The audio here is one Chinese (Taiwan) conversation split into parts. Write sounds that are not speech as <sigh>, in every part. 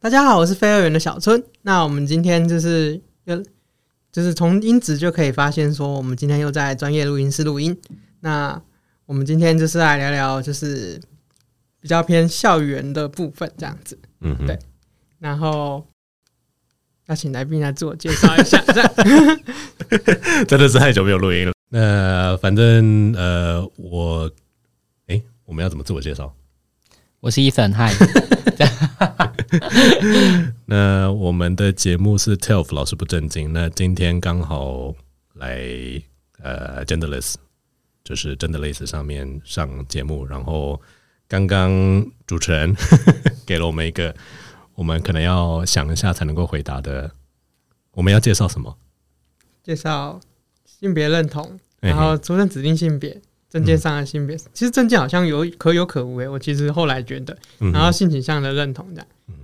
大家好，我是非二元的小春。那我們今天就是，就是從音質就可以發現，說我們今天又在專業錄音室錄音。那我們今天就是來聊聊，就是比較偏校園的部分這樣子。嗯哼，對。然後，要請來賓來自我介紹一下。 <laughs> <laughs> 真的是太久沒有錄音了。那、呃、反正呃，我，哎，我們要怎麼自我介紹？我是 Ethan，嗨。那我們的節目是 TILF 老師不正經。那今天剛好來呃 Genderless，就是 Genderless 上面上節目。然後剛剛主持人 <laughs> 給了我們一個，我們可能要想一下才能夠回答的。我們要介紹什麼？介紹性別認同，然後出生指定性別。哎證件上的性別，嗯、其實證件好像有可有可無誒。我其實後來覺得，嗯、哼然後性取向的認同這樣。嗯，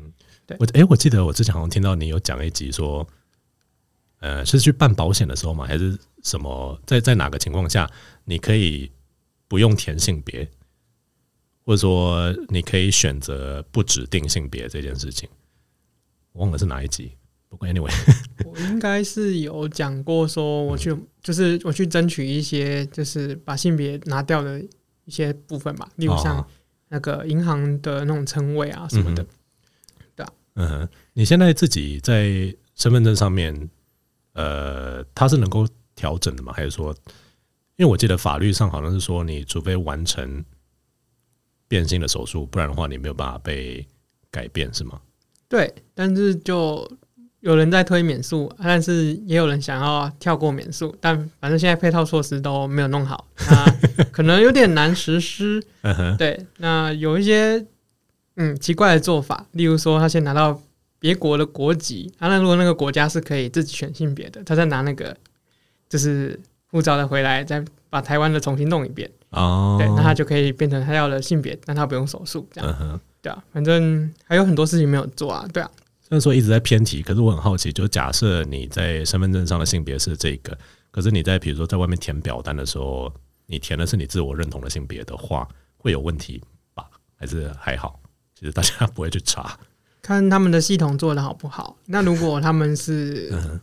對。我、欸、我記得我之前好像聽到你有講一集說，呃，是去辦保險的時候嘛，還是什麼？在在哪個情況下你可以不用填性別，或者說你可以選擇不指定性別這件事情？我忘了是哪一集。不過 anyway， <laughs> 我應該是有講過說我去、嗯。就是我去爭取一些，就是把性別拿掉的一些部分嘛，例如像那個銀行的那種稱謂啊什麼的，哦，嗯，對啊。嗯哼，你現在自己在身份證上面，呃，它是能夠調整的嗎？還是說，因為我記得法律上好像是說，你除非完成變性的手術，不然的話你沒有辦法被改變，是嗎？對，但是就。有人在推免術，但是也有人想要跳過免術。但反正現在配套措施都沒有弄好，那可能有點難實施。 <laughs> 對，那有一些嗯奇怪的做法，例如說他先拿到別國的國籍，他、啊、那如果那個國家是可以自己選性別的，他再拿那個就是護照的回來，再把台灣的重新弄一遍哦，oh. 對，那他就可以變成他要的性別，但他不用手術這樣。Uh huh. 對啊，反正還有很多事情沒有做啊，對啊。雖然說一直在偏題，可是我很好奇，就假設你在身份證上的性別是這個，可是你在比如說在外面填表單的時候，你填的是你自我認同的性別的話，會有問題吧？還是還好？其實大家不會去查，看他們的系統做得好不好。那如果他們是，嗯哼，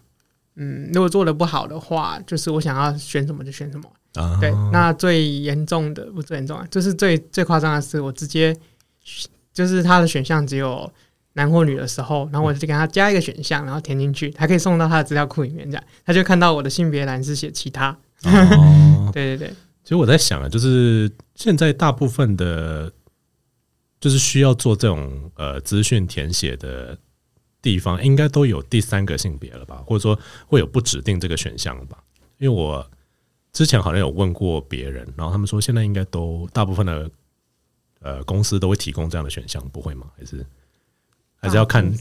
嗯，如果做得不好的話，就是我想要選什麼就選什麼。嗯，對，那最嚴重的不是最嚴重的，就是最最誇張的是，我直接就是它的選項只有。男或女的時候，然後我就給他加一個選項，然後填進去，他可以送到他的資料庫裡面。這樣他就看到我的性別欄是寫其他。哦， <laughs> 對對對，對。其實我在想啊，就是現在大部分的，就是需要做這種呃資訊填寫的地方，應該都有第三個性別了吧？或者說會有不指定這個選項吧？因為我之前好像有問過別人，然後他們說現在應該都大部分的呃公司都會提供這樣的選項，不會嗎？還是？還是要看，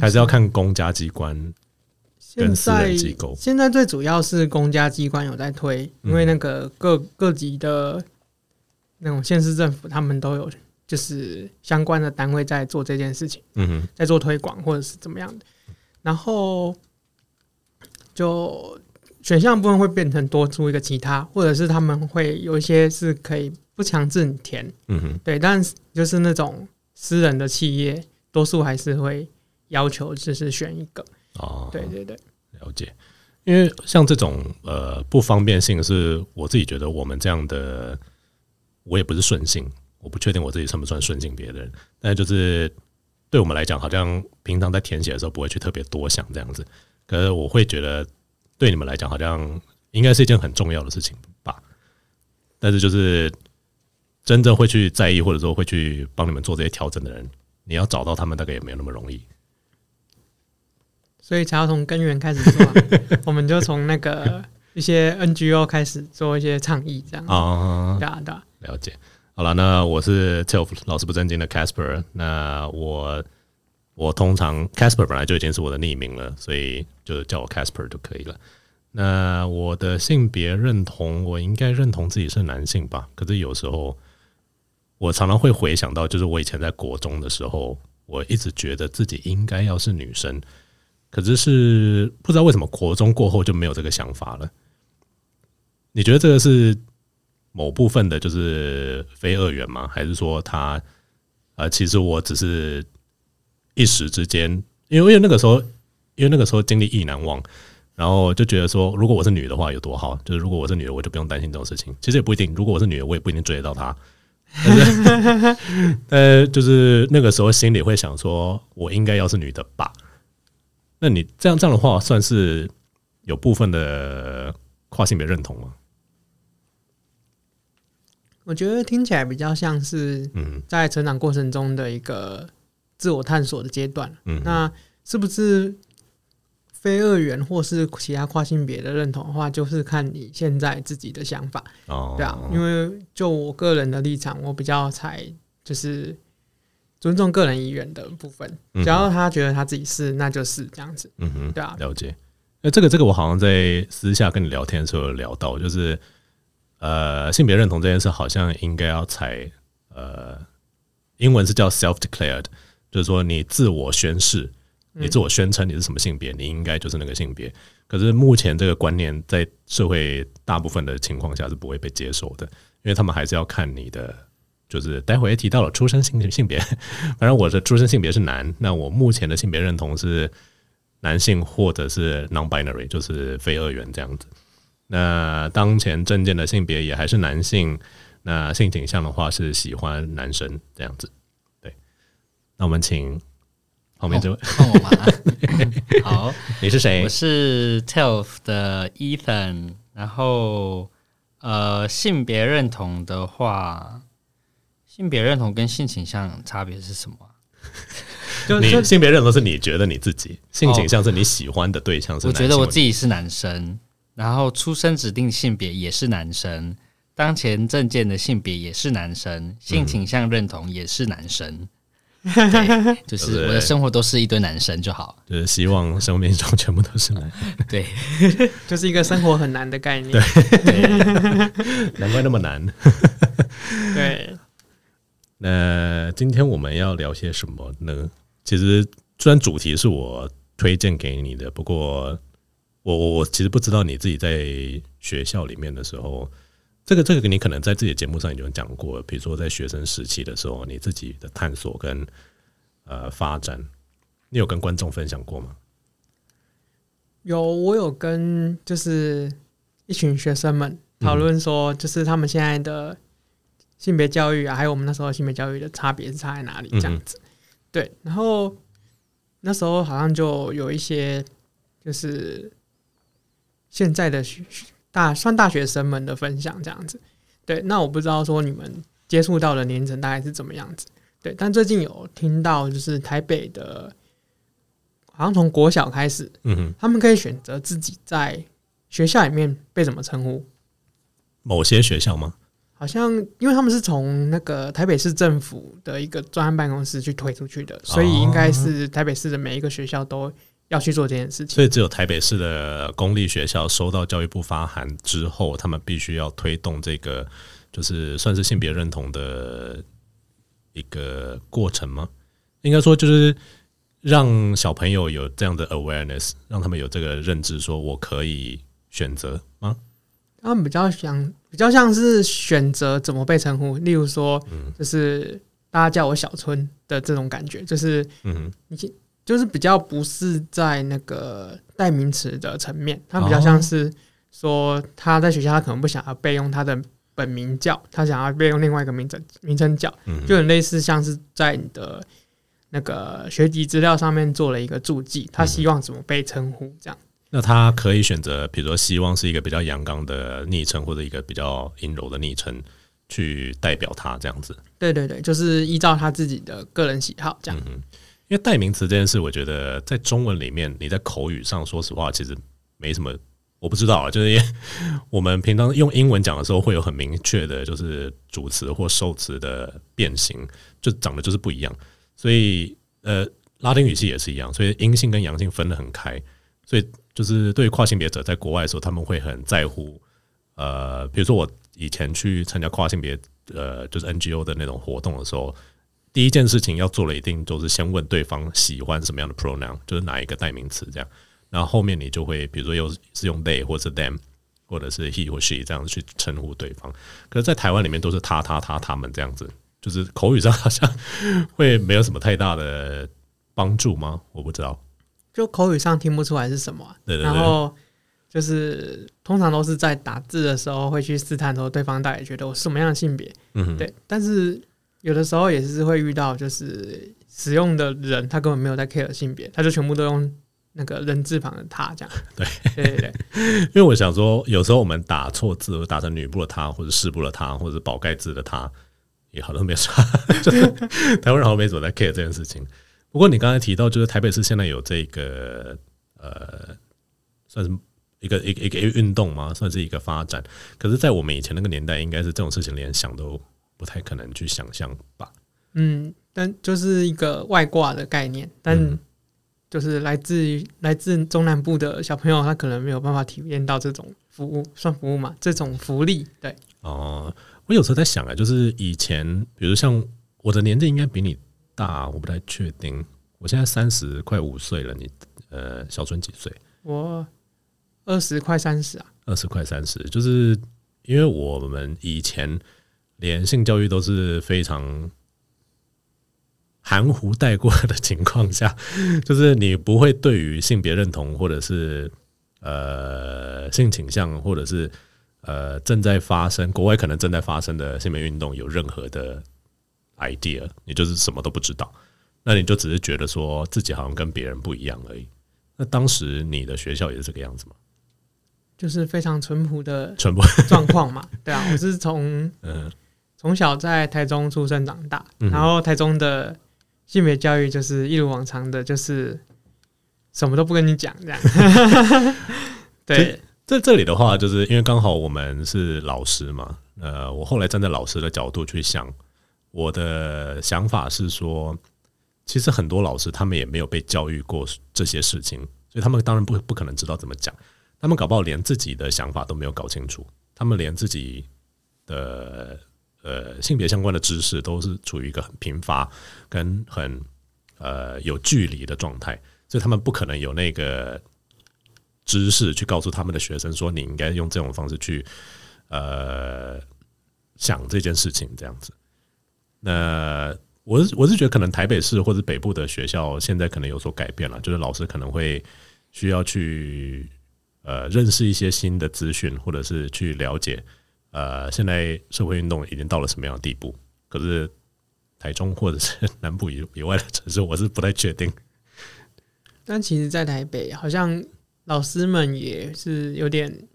還是要看公家機關跟私人機構。現在，現在最主要是公家機關有在推，因為那個各各級的那種縣市政府，他們都有就是相關的單位在做這件事情，嗯，在做推廣或者是怎麼樣的。然後就選項部分會變成多出一個其他，或者是他們會有一些是可以不強制你填，嗯哼，對，但是就是那種私人的企業。多數還是會要求，就是選一個哦，對對對、哦，了解。因為像這種呃不方便性是，我自己覺得我們這樣的，我也不是順性，我不確定我自己算不算順性別的人。但是就是對我們來講，好像平常在填寫的時候不會去特別多想這樣子。可是我會覺得，對你們來講，好像應該是一件很重要的事情吧。但是就是真正會去在意，或者說會去幫你們做這些調整的人，你要找到他們大概、那個，也沒有那麼容易，所以才要從根源開始做。 <laughs> 我們就從那個一些 NGO 開始做一些倡議，這樣啊，對對、嗯、打了解。好了，那我是 TILF 老師不正經的 Casper，那我我通常 Casper 本來就已經是我的匿名了，所以就叫我 Casper 就可以了。那我的性別認同，我應該認同自己是男性吧？可是有時候。我常常會回想到，就是我以前在國中的時候，我一直覺得自己應該要是女生，可是是不知道為什麼國中過後就沒有這個想法了。你覺得這個是某部分的，就是非二元嗎？還是說他啊、呃？其實我只是一時之間，因為因為那個時候，因為那個時候經歷意難忘，然後就覺得說，如果我是女的話有多好，就是如果我是女的，我就不用擔心這種事情。其實也不一定，如果我是女的，我也不一定追得到她。 <laughs> 呃，就是那個時候心裡會想說，我應該要是女的吧？那你這樣這樣的話，算是有部分的跨性別認同嗎？我覺得聽起來比較像是嗯，在成長過程中的一個自我探索的階段。嗯哼，那是不是？非二元或是其他跨性別的認同的話，就是看你現在自己的想法。哦、對啊，因為就我個人的立場，我比較採就是尊重個人意願的部分，嗯、哼只要他覺得他自己是，那就是這樣子。嗯哼，對啊，了解。那這個這個，這個、我好像在私下跟你聊天的時候有聊到，就是呃，性別認同這件事，好像應該要採呃，英文是叫 self-declared，就是說你自我宣誓。你自我宣稱你是什麼性別，你應該就是那個性別。可是目前這個觀念在社會大部分的情況下是不會被接受的，因為他們還是要看你的，就是待會也提到了出生性別性別。反正我的出生性別是男，那我目前的性別認同是男性或者是 non-binary，就是非二元這樣子。那當前證件的性別也還是男性。那性傾向的話是喜歡男生這樣子。對，那我們請。旁邊這位、哦， <laughs> 好，你是誰？我是 TILF 的 Ethan，然後呃，性別認同的話，性別認同跟性傾向差別是什麼？就，就你性別認同是你覺得你自己，性傾向是你喜歡的對象是、哦。我覺得我自己是男生，然後出生指定性別也是男生，當前證件的性別也是男生，性傾向認同也是男生。嗯 <laughs> 就是我的生活都是一堆男生就好，就是希望生命中全部都是男生。對，就是一個生活很難的概念。對，對 <laughs> 難怪那麼難。 <laughs> 對。那今天我們要聊些什麼呢？其實雖然主題是我推薦給你的，不過我我我其實不知道你自己在學校裡面的時候。這個這個，這個，你可能在自己的節目上已經講過了。比如說，在學生時期的時候，你自己的探索跟呃發展，你有跟觀眾分享過嗎？有，我有跟就是一群學生們討論說，就是他們現在的性別教育啊，還有我們那時候性別教育的差別是差在哪裡這樣子。對，然後那時候好像就有一些就是現在的學。大算大學生們的分享這樣子，對。那我不知道說你們接觸到的年齡層大概是怎麼樣子，對。但最近有聽到就是台北的，好像從國小開始，嗯哼，他們可以選擇自己在學校裡面被怎麼稱呼。某些學校嗎？好像因為他們是從那個台北市政府的一個專案辦公室去推出去的，所以應該是台北市的每一個學校都。要去做這件事情，所以只有台北市的公立學校收到教育部發函之後，他們必須要推動這個，就是算是性別認同的一個過程嗎？應該說就是讓小朋友有這樣的 awareness，讓他們有這個認知，說我可以選擇嗎？他們比較想，比較像是選擇怎麼被稱呼，例如說，就是大家叫我小春的這種感覺，就是，嗯你。嗯就是比較不是在那個代名詞的層面，他比較像是說他在學校，他可能不想要被用他的本名叫，他想要被用另外一個名字名稱叫，嗯、哼就很類似像是在你的那個學籍資料上面做了一個註記，他希望怎麼被稱呼這樣、嗯。那他可以選擇，比如說希望是一個比較陽剛的昵稱，或者一個比較陰柔的昵稱去代表他這樣子。對對對，就是依照他自己的個人喜好這樣。嗯。因為代名詞這件事，我覺得在中文裡面，你在口語上，說實話，其實沒什麼。我不知道啊，就是我們平常用英文講的時候，會有很明確的，就是主詞或受詞的變形，就長得就是不一樣。所以，呃，拉丁語系也是一樣，所以陰性跟陽性分得很開。所以，就是對於跨性別者在國外的時候，他們會很在乎。呃，比如說我以前去參加跨性別，呃，就是 NGO 的那種活動的時候。第一件事情要做了一定就是先問對方喜歡什麼樣的 pronoun，就是哪一個代名詞這樣。然後後面你就會比如說又是用 they 或者 them 或者是 he 或 she 這樣子去稱呼對方。可是，在台灣裡面都是他、他、他、他們這樣子，就是口語上好像會沒有什麼太大的幫助嗎？我不知道，就口語上聽不出來是什麼。對，然後就是通常都是在打字的時候會去試探說對方到底覺得我是什麼樣的性別。嗯哼。對，但是。有的時候也是會遇到，就是使用的人他根本沒有在 care 性別，他就全部都用那個人字旁的他這樣。對，對對，對， <laughs> 因為我想說，有時候我們打錯字，或者打成女部的他，或者示部的他，或者寶蓋字的他，也好多沒說。就是台灣人好像沒怎麼在 care 這件事情。不過你剛才提到，就是台北市現在有這個呃，算是一個一個一個運動嗎？算是一個發展。可是，在我們以前那個年代，應該是這種事情連想都。不太可能去想象吧。嗯，但就是一個外掛的概念，但就是來自於來自中南部的小朋友，他可能沒有辦法體驗到這種服務，算服務嘛？這種福利，對。哦、呃，我有時候在想啊，就是以前，比如像我的年紀應該比你大、啊，我不太確定。我現在三十快五歲了，你呃，小春幾歲？我二十快三十啊。二十快三十，就是因為我們以前。連性教育都是非常含糊帶過的情況下，就是你不會對於性別認同或者是呃性傾向或者是呃正在發生國外可能正在發生的性別運動有任何的 idea，你就是什麼都不知道，那你就只是覺得說自己好像跟別人不一樣而已。那當時你的學校也是這個樣子嗎？就是非常淳樸的淳樸狀況嘛，對啊，我是從嗯。從小在台中出生長大，然後台中的性別教育就是一如往常的，就是什麼都不跟你講這樣。 <laughs> <laughs> 對，在這裡的話，就是因為剛好我們是老師嘛，呃，我後來站在老師的角度去想，我的想法是說，其實很多老師他們也沒有被教育過這些事情，所以他們當然不不可能知道怎麼講，他們搞不好連自己的想法都沒有搞清楚，他們連自己的。呃，性別相關的知識都是處於一個很貧乏，跟很呃有距離的狀態，所以他們不可能有那個知識去告訴他們的學生說，你應該用這種方式去呃想這件事情這樣子。那我是我是覺得，可能台北市或者北部的學校現在可能有所改變了，就是老師可能會需要去呃認識一些新的資訊，或者是去了解。呃，現在社會運動已經到了什麼樣的地步？可是台中或者是南部以以外的城市，我是不太確定。但其實，在台北，好像老師們也是有點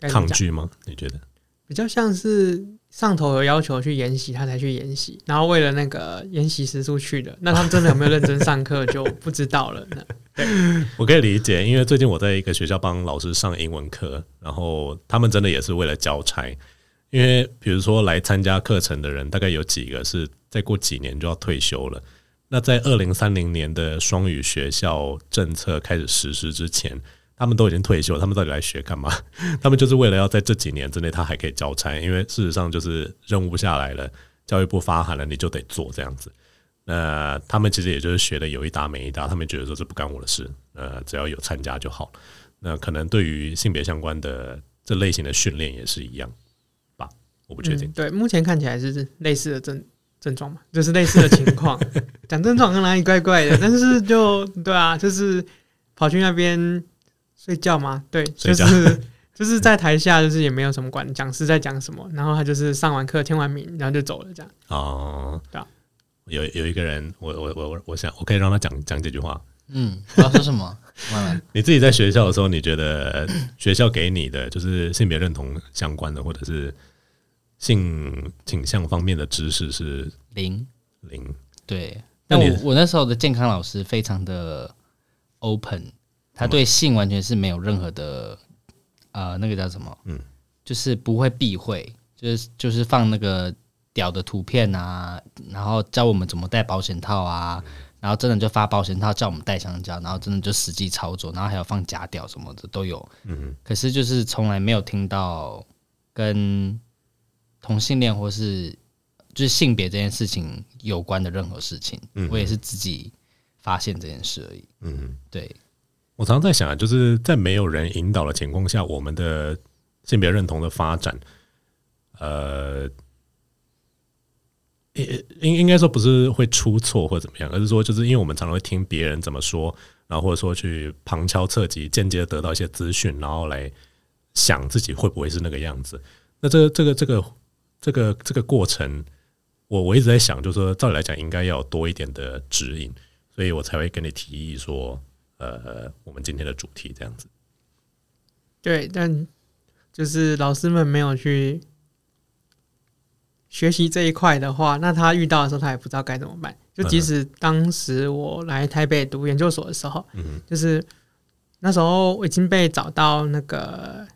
抗拒嗎？你覺得？比較像是上頭有要求去研習，他才去研習，然後為了那個研習時數去的。那他們真的有沒有認真上課，就不知道了呢。 <laughs> 我可以理解，因為最近我在一個學校幫老師上英文課，然後他們真的也是為了交差。因為比如說來參加課程的人，大概有幾個是再過幾年就要退休了。那在二零三零年的雙語學校政策開始實施之前，他們都已經退休，他們到底來學幹嘛？他們就是為了要在這幾年之內他還可以交差，因為事實上就是任務不下來了，教育部發函了，你就得做這樣子。呃，他們其實也就是學的有一搭沒一搭，他們覺得說這不干我的事，呃，只要有參加就好。那可能對於性別相關的這類型的訓練也是一樣吧，我不確定。嗯、對，目前看起來是類似的症症狀嘛，就是類似的情況。 <laughs> 講症狀，哪裡怪怪的，但是就對啊，就是跑去那邊睡覺嘛，對，覺就是就是在台下，就是也沒有什麼管講師在講什麼，然後他就是上完課簽完名，然後就走了這樣。哦，對啊。有有一個人，我我我我想我可以讓他講講幾句話。嗯，我要說什麼？ <laughs> 你自己在學校的時候，你覺得學校給你的就是性別認同相關的，或者是性傾向方面的知識是零零？零對，但我那你我那時候的健康老師非常的 open，他對性完全是沒有任何的啊、呃，那個叫什麼？嗯，就是不會避諱，就是就是放那個。表的圖片啊，然後教我們怎麼戴保險套啊，嗯、哼然後真的就發保險套，叫我們戴香蕉。然後真的就實際操作，然後還有放假屌什麼的都有。嗯哼，可是就是從來沒有聽到跟同性戀或是就是性別這件事情有關的任何事情。嗯哼，我也是自己發現這件事而已。嗯哼，對我常常在想啊，就是在沒有人引導的情況下，我們的性別認同的發展，呃。應應該說不是會出錯或怎麼樣，而是說就是因為我們常常會聽別人怎麼說，然後或者說去旁敲側擊，間接得到一些資訊，然後來想自己會不會是那個樣子。那這個、這個這個這個這個過程，我我一直在想，就是說，照理來講應該要多一點的指引，所以我才會跟你提議說，呃，我們今天的主題這樣子。對，但就是老師們沒有去。學習這一塊的話，那他遇到的時候，他也不知道該怎麼辦。就即使當時我來台北讀研究所的時候，嗯、哼就是那時候我已經被找到那個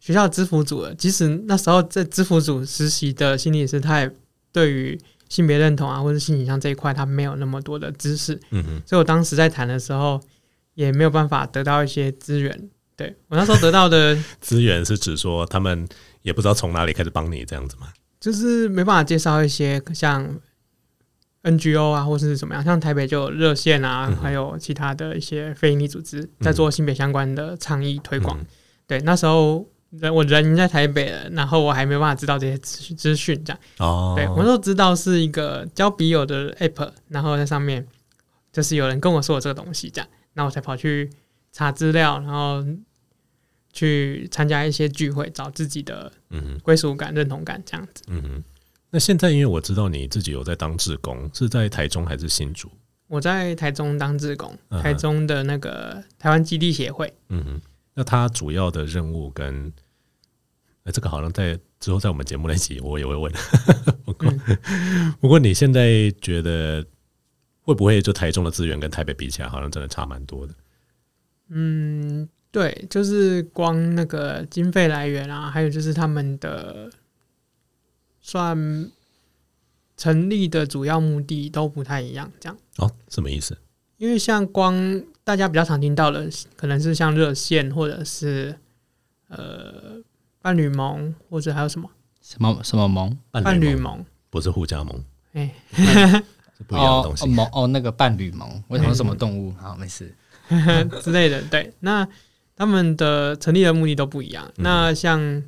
學校諮輔組了。即使那時候這諮輔組實習的心理師，他也對於性別認同啊，或者性取向這一塊，他沒有那麼多的知識。嗯哼所以我當時在談的時候，也沒有辦法得到一些資源。對我那時候得到的資 <laughs> 源是指說，他們也不知道從哪裡開始幫你這樣子嗎？就是沒辦法介紹一些像 NGO 啊，或是怎麼樣，像台北就有熱線啊，嗯、哼還有其他的一些非營利組織在做性別相關的倡議推廣。嗯、對，那時候人我人已經在台北了，然後我還沒有辦法知道這些資資訊，這樣、哦、對，我都知道是一個交筆友的 app，然後在上面就是有人跟我說了這個東西這樣，那我才跑去查資料，然後。去參加一些聚會，找自己的歸屬感、嗯、哼認同感這樣子。嗯，那現在因為我知道你自己有在當志工，是在台中還是新竹？我在台中當志工，台中的那個台灣基地協會。嗯，嗯，那他主要的任務跟哎、欸，這個好像在之後在我們節目那集我也會問。 <laughs> 不過嗯、不過你現在覺得會不會就台中的資源跟台北比起來，好像真的差蠻多的？嗯。對，就是光那個經費來源啊，還有就是他們的算成立的主要目的都不太一樣，這樣哦。什麼意思？因為像光大家比較常聽到的，可能是像熱線或，呃，或者是呃伴侶盟，或者還有什麼什麼什麼盟。伴侶盟，不是互加盟，哎， <laughs> 不一樣的東西，哦，哦，那個伴侶盟，為什麼什麼動物？嗯、好，沒事 <laughs> <laughs> 之類的，對，那。他們的成立的目的都不一樣。嗯、哼那像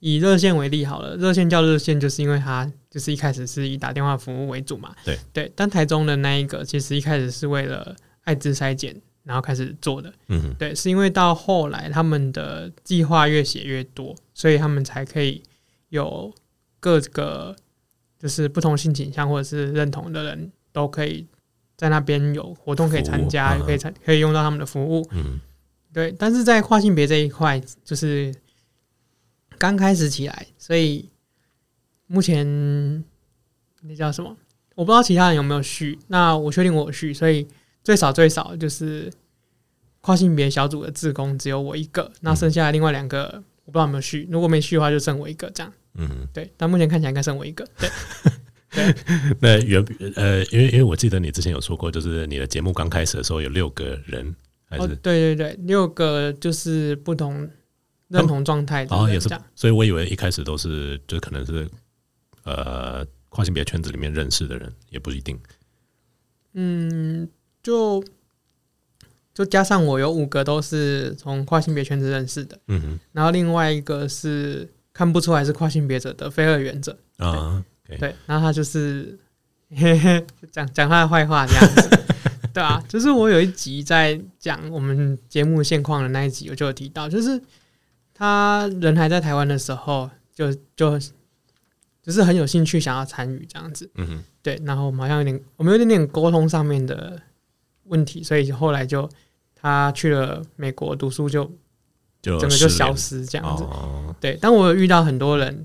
以熱線為例好了，熱線叫熱線，就是因為它就是一開始是以打電話服務為主嘛。對對。但台中的那一個，其實一開始是為了艾滋篩檢，然後開始做的。嗯哼。對，是因為到後來他們的計劃越寫越多，所以他們才可以有各個就是不同性傾向或者是認同的人都可以在那邊有活動可以參加，嗯、可以參可以用到他們的服務。嗯。對，但是在跨性別這一塊，就是剛開始起來，所以目前那叫什麼？我不知道其他人有沒有續。那我確定我有續，所以最少最少就是跨性別小組的志工只有我一個。那剩下另外兩個，我不知道有沒有續。嗯、如果沒續的話，就剩我一個這樣。嗯哼，對。但目前看起來應該剩我一個。對， <laughs> 對。那原呃，因為因為我記得你之前有說過，就是你的節目剛開始的時候有六個人。哦，對對對，六個就是不同認同狀態的，然後、哦、也是，所以我以為一開始都是就可能是呃跨性別圈子裡面認識的人，也不一定。嗯，就就加上我有五個都是從跨性別圈子認識的，嗯哼，然後另外一個是看不出來是跨性別者的非二元者啊，okay、對，然後他就是嘿 <laughs> 講講他的壞話這樣子。 <laughs> <laughs> 對啊，就是我有一集在講我們節目現況的那一集，我就有提到，就是他人還在台灣的時候，就就只，就是很有興趣想要參與這樣子。嗯哼，對。然後我們好像有點我們有點點溝通上面的問題，所以後來就他去了美國讀書，就就整個就消失這樣子。哦、對，但我有遇到很多人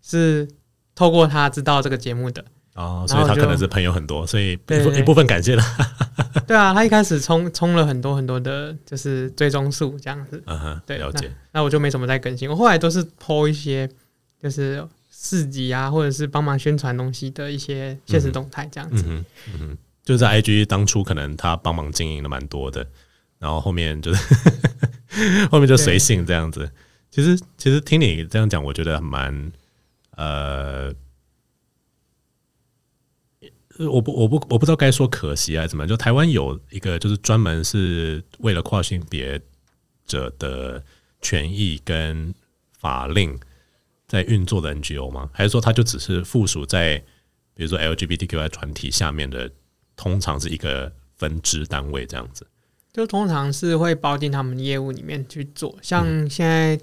是透過他知道這個節目的。哦，所以他可能是朋友很多，所以一部分感謝了。對啊，他一開始衝衝了很多很多的，就是追蹤數這樣子。嗯哼，對。了解。那，那我就沒什麼再更新，我後來都是 PO 一些就是市集啊，或者是幫忙宣傳東西的一些現實動態這樣子。嗯嗯，就在 IG 當初可能他幫忙經營的蠻多的，然後後面就是 <laughs> 後面就隨性這樣子。對其實其實聽你這樣講，我覺得蠻呃。呃，我不，我不，我不知道該說可惜還是怎麼？就台灣有一個就是專門是為了跨性別者的權益跟法令在運作的 NGO 嗎？還是說它就只是附屬在比如說 LGBTQI 團體下面的，通常是一個分支單位這樣子？就通常是會包進他們的業務裡面去做，像現在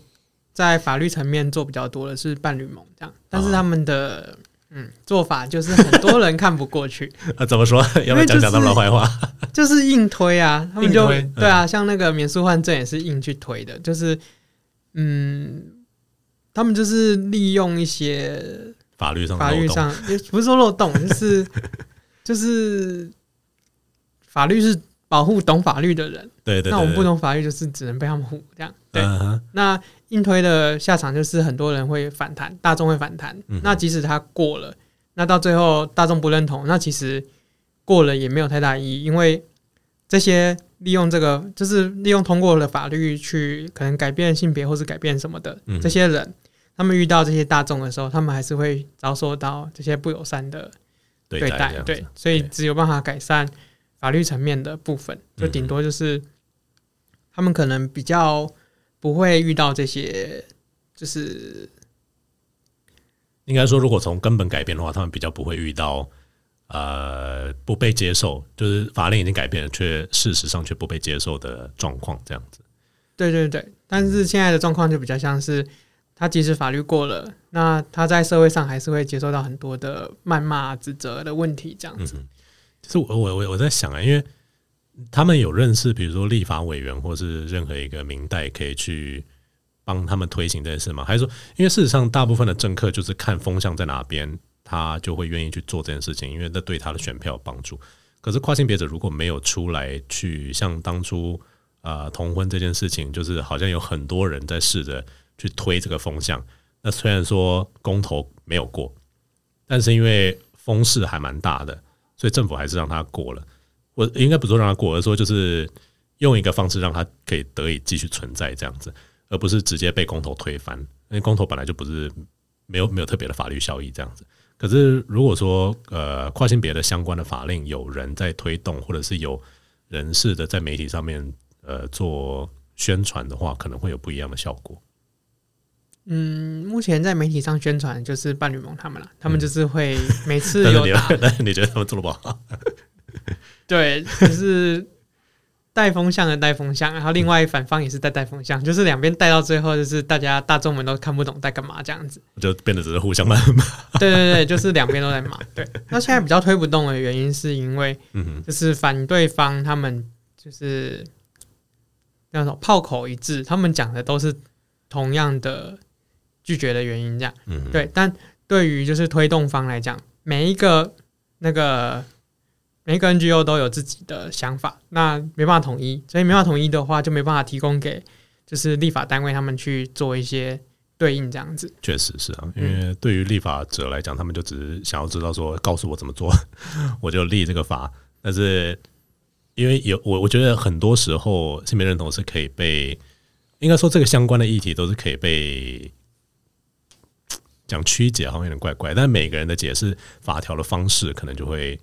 在法律層面做比較多的是伴侶盟這樣，但是他們的、嗯。嗯，做法就是很多人看不過去， <laughs> 啊、怎麼說？有沒有講講他們的壞話？就是、 <laughs> 就是硬推啊，他們就、嗯、對啊，像那個免術換證也是硬去推的，就是嗯，他們就是利用一些法律上法律上也不是說漏洞，就是 <laughs> 就是法律是保護懂法律的人，對對，對，對對。那我們不懂法律，就是只能被他們唬，這樣對。啊、哈那。硬推的下場就是很多人會反彈，大眾會反彈。嗯、哼那即使他過了，那到最後大眾不認同，那其實過了也沒有太大意義，因為這些利用這個就是利用通過了法律去可能改變性別或是改變什麼的、嗯、哼這些人，他們遇到這些大眾的時候，他們還是會遭受到這些不友善的對待。對，待對，對，所以只有辦法改善法律層面的部分，就頂多就是他們可能比較。不會遇到這些，就是應該說，如果從根本改變的話，他們比較不會遇到呃不被接受，就是法令已經改變了，卻事實上卻不被接受的狀況，這樣子。對對對，但是現在的狀況就比較像是，他即使法律過了，那他在社會上還是會接受到很多的謾罵、指責的問題，這樣子。嗯，就是我我我我在想啊，因為。他們有認識，比如說立法委員或是任何一個民代，可以去幫他們推行這件事嗎？還是說，因為事實上大部分的政客就是看風向在哪邊，他就會願意去做這件事情，因為那對他的選票有幫助。可是跨性別者如果沒有出來去像當初啊、呃、同婚這件事情，就是好像有很多人在試着去推這個風向，那雖然說公投沒有過，但是因為風勢還蠻大的，所以政府還是讓他過了。我應該不是說讓他過，而是說就是用一個方式讓他可以得以繼續存在這樣子，而不是直接被公投推翻。因為公投本來就不是沒有沒有特別的法律效益這樣子。可是如果說呃跨性別的相關的法令有人在推動，或者是有人士的在媒體上面呃做宣傳的話，可能會有不一樣的效果。嗯，目前在媒體上宣傳就是伴侶盟他們了，他們就是會每次有，那 <laughs> 你， <laughs> 你覺得他們做得不好？ <laughs> 對，就是帶風向的帶風向，然後另外一反方也是帶帶風向，嗯、就是兩邊帶到最後，就是大家大眾們都看不懂在幹嘛這樣子，就變得只是互相罵。 <laughs> 對對對，就是兩邊都在罵。對，那現在比較推不動的原因是因為，就是反對方他們就是那種炮口一致，他們講的都是同樣的拒絕的原因這樣。嗯、哼對。但對於就是推動方來講，每一個那個。每個 NGO 都有自己的想法，那沒辦法統一，所以沒辦法統一的話，就沒辦法提供給就是立法單位他們去做一些對應這樣子。確實是啊，因為對於立法者來講，嗯、他們就只是想要知道說，告訴我怎麼做，我就立這個法。但是因為有我，我覺得很多時候性別認同是可以被，應該說這個相關的議題都是可以被講曲解，好像有點怪怪，但每個人的解釋法條的方式可能就會。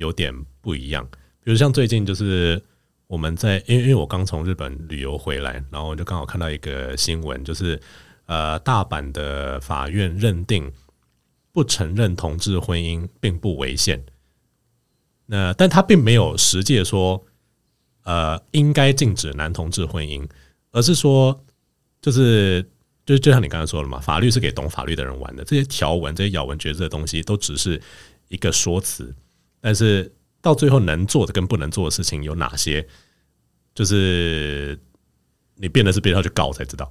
有點不一樣，比如像最近就是我們在，因為因為我剛從日本旅遊回來，然後我就剛好看到一個新聞，就是呃，大阪的法院認定不承認同志婚姻並不違憲。那但他並沒有實際說，呃，應該禁止男同志婚姻，而是說、就是，就是就就像你剛才說的嘛，法律是給懂法律的人玩的，這些條文、這些咬文嚼字的東西，都只是一個說辭。但是到最後能做的跟不能做的事情有哪些？就是你變的是變，須要去告才知道。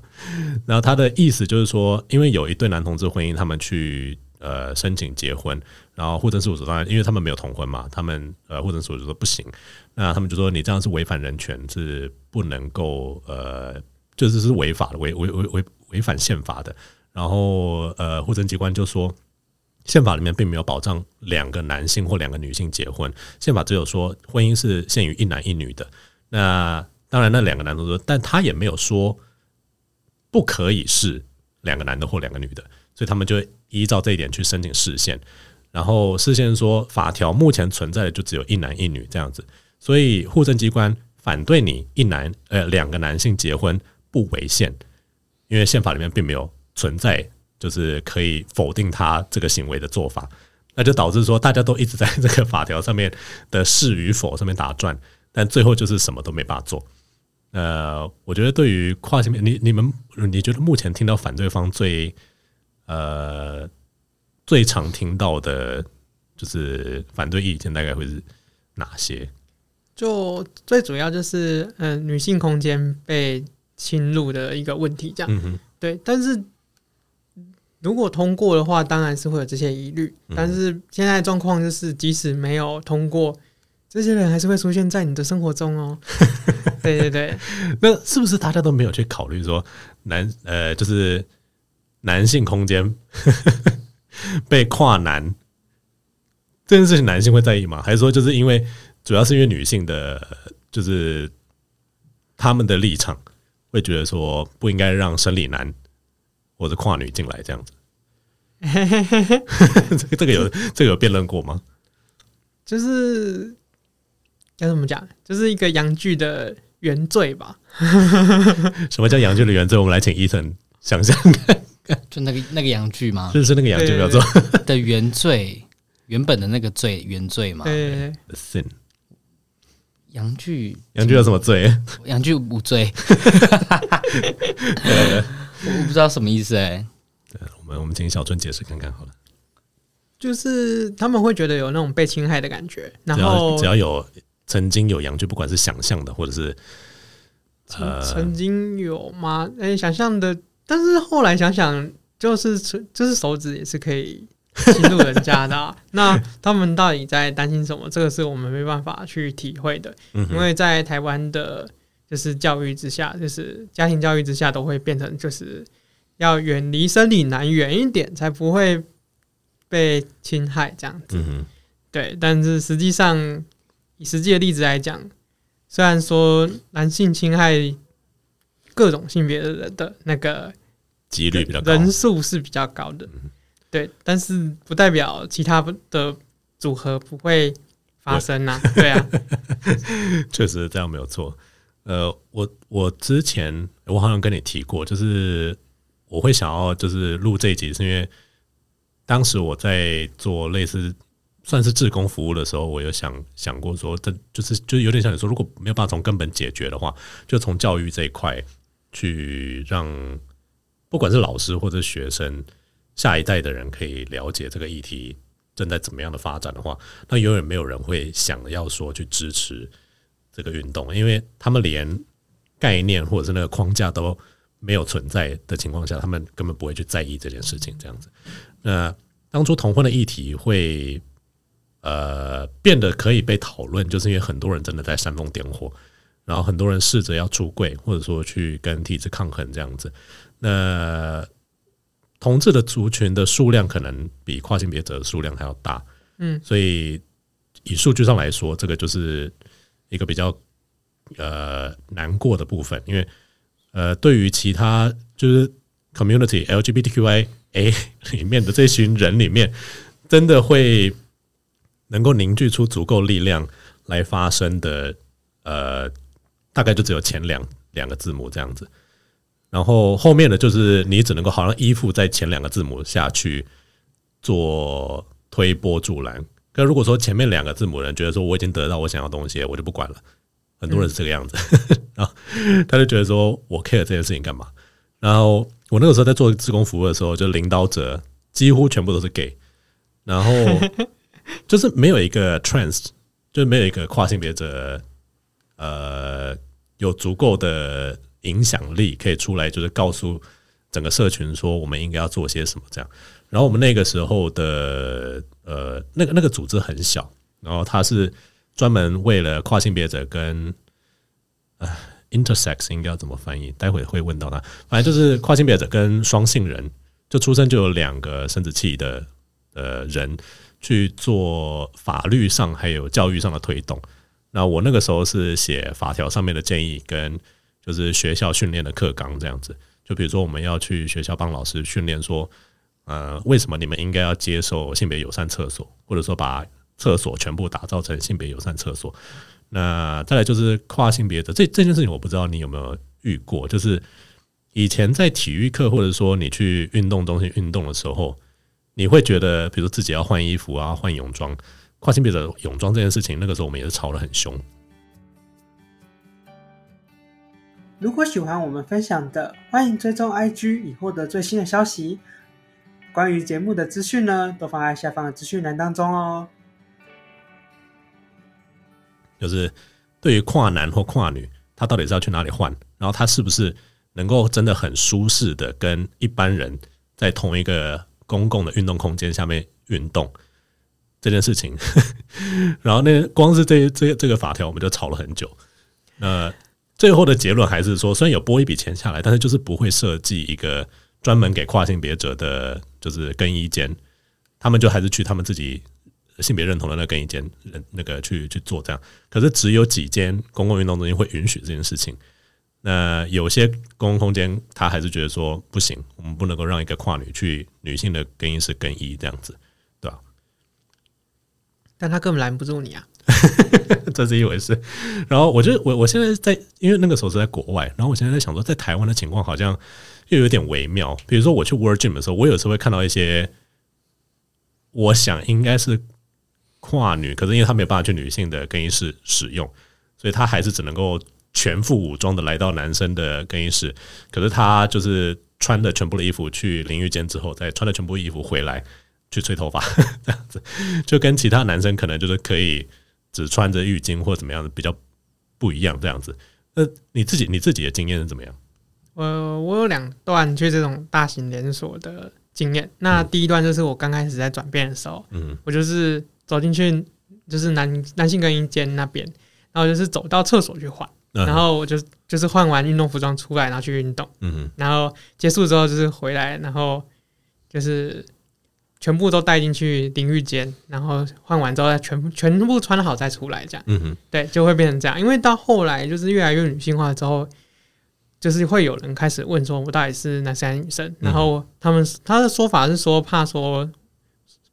<laughs> 然後他的意思就是說，因為有一對男同志婚姻，他們去呃申請結婚，然後戶政事務所當然因為他們沒有同婚嘛，他們呃戶政事務所就說不行。那他們就說你這樣是違反人權，是不能夠呃，就是是違法的，違違違違違反憲法的。然後呃，戶政機關就說，憲法裡面並沒有保障兩個男性或兩個女性結婚，憲法只有說婚姻是限於一男一女的。那當然，那兩個男同志，但他也沒有說不可以是兩個男的或兩個女的，所以他們就依照這一點去申請釋憲。然後釋憲說法條目前存在的就只有一男一女這樣子，所以戶政機關反對你一男呃兩個男性結婚不違憲，因為憲法裡面並沒有存在。就是可以否定他這個行為的做法，那就導致說大家都一直在這個法條上面的是與否上面打轉，但最後就是什麼都沒法做。呃，我覺得對於跨性別，你你們你覺得目前聽到反對方最呃最常聽到的就是反對意見，大概會是哪些？就最主要就是嗯、呃，女性空間被侵入的一個問題，這樣、嗯哼，對，但是。如果通過的話，當然是會有這些疑慮。但是現在狀況就是，即使沒有通過，嗯、這些人還是會出現在你的生活中哦。 <laughs> 對對對， <laughs> 那是不是大家都沒有去考慮說男呃，就是男性空間 <laughs> 被跨男這件事情，男性會在意嗎？還是說就是因為主要是因為女性的，就是他們的立場會覺得說不應該讓生理男。或者跨女進來這樣子， <laughs> <laughs> 這個這個有這個有辯論過嗎？就是該怎麼講？就是一個陽具的原罪吧。什麼叫陽具的原罪？我們來請 Ethan 想想看，就那個那個陽具嗎？就是，是那個陽具對對對，叫做的原罪，原本的那個罪原罪嘛。t sin，陽具陽具有什麼罪？陽具，具無罪。 <laughs> 我不知道什麼意思哎、欸，對，我們，我們請小春解釋看看好了。就是他們會覺得有那種被侵害的感覺，然後只要，只要有曾經有陽具，就不管是想象的，或者是呃曾，曾經有嗎？哎、欸，想象的，但是後來想想，就是就是手指也是可以侵入人家的，啊。 <laughs> 那他們到底在擔心什麼？這個是我們沒辦法去體會的，嗯、哼因為在台灣的。就是教育之下，就是家庭教育之下，都會變成就是要遠離生理男遠一點，才不會被侵害這樣子。嗯哼。對，但是實際上以實際的例子來講，雖然說男性侵害各種性別的人的那個幾率比較高，人數是比較高的，高對，但是不代表其他的組合不會發生啊。對，對啊， <laughs> 確實這樣沒有錯。呃，我我之前我好像跟你提過，就是我會想要就是錄這一集，是因為當時我在做類似算是志工服務的時候，我有想想過說，這就是就有點像你說，如果沒有辦法從根本解決的話，就從教育這一塊去讓不管是老師或者學生下一代的人可以了解這個議題正在怎麼樣的發展的話，那永遠沒有人會想要說去支持。這個運動，因為他們連概念或者是那個框架都沒有存在的情況下，他們根本不會去在意這件事情。這樣子，那當初同婚的議題會呃變得可以被討論，就是因為很多人真的在煽風點火，然後很多人試着要出櫃，或者說去跟體制抗衡，這樣子。那同志的族群的數量可能比跨性別者的數量還要大，嗯，所以以數據上來說，這個就是。一個比較呃難過的部分，因為呃，對於其他就是 community LGBTQIA 裡面的這群人裡面，真的會能夠凝聚出足夠力量來發聲的，呃，大概就只有前兩兩個字母這樣子，然後後面的就是你只能夠好像依附在前兩個字母下去做推波助瀾。那如果說前面兩個字母人覺得說我已經得到我想要的東西，我就不管了。很多人是這個樣子啊，嗯、 <laughs> 然後他就覺得說我 care 這件事情幹嘛？然後我那個時候在做志工服務的時候，就領導者幾乎全部都是 gay，然後就是沒有一個 trans， <laughs> 就沒有一個跨性別者呃有足夠的影響力可以出來，就是告訴整個社群說我們應該要做些什麼這樣。然後我們那個時候的呃，那個那個組織很小，然後他是專門為了跨性別者跟啊，intersex 應該要怎麼翻譯？待會會問到他，反正就是跨性別者跟雙性人，就出生就有兩個生殖器的呃人去做法律上還有教育上的推動。那我那個時候是寫法條上面的建議跟就是學校訓練的課綱這樣子，就比如說我們要去學校幫老師訓練說。呃，為什麼你們應該要接受性別友善廁所，或者說把廁所全部打造成性別友善廁所？那再來就是跨性別者，這這件事情我不知道你有沒有遇過，就是以前在體育課或者說你去運動中心運動的時候，你會覺得，比如自己要換衣服啊、換泳裝，跨性別者泳裝這件事情，那個時候我們也是吵得很凶。如果喜歡我們分享的，歡迎追蹤 IG 以獲得最新的消息。關於節目的資訊呢，都放在下方的資訊欄當中哦、喔。就是對於跨男或跨女，他到底是要去哪裡換？然後他是不是能夠真的很舒適的跟一般人在同一個公共的運動空間下面運動這件事情？ <laughs> 然後那光是這這個、這個法條，這個、我們就吵了很久。那最後的結論還是說，雖然有撥一筆錢下來，但是就是不會設計一個專門給跨性別者的。就是更衣間，他們就還是去他們自己性別認同的那更衣間，那個去去做這樣。可是只有幾間公共運動中心會允許這件事情。那有些公共空間，他還是覺得說不行，我們不能夠讓一個跨女去女性的更衣室更衣這樣子，對吧、啊？但他根本攔不住你啊， <laughs> 這是一回事。然後我就，我覺得我我現在在，因為那個時候是在國外，然後我現在在想說，在台灣的情況好像，又有點微妙，比如說我去 World Gym 的時候，我有時候會看到一些，我想應該是跨女，可是因為她沒有辦法去女性的更衣室使用，所以她還是只能夠全副武裝的來到男生的更衣室。可是她就是穿的全部的衣服去淋浴間之後，再穿的全部的衣服回來去吹頭髮，呵呵這樣子就跟其他男生可能就是可以只穿着浴巾或者怎麼樣的比較不一樣，這樣子。那你自己你自己的經驗是怎麼樣？呃，我有兩段去這種大型連鎖的經驗。那第一段就是我剛開始在轉變的時候，嗯哼，我就是走進去，就是男男性更衣間那邊，然後就是走到廁所去換，嗯、哼然後我就就是換完運動服裝出來，然後去運動，嗯哼，然後結束之後就是回來，然後就是全部都帶進去淋浴間，然後換完之後再全部全部穿好再出來這樣，嗯、哼對，就會變成這樣，因為到後來就是越來越女性化之後。就是會有人開始問說，我到底是男生還是女生？然後他們他的說法是說，怕說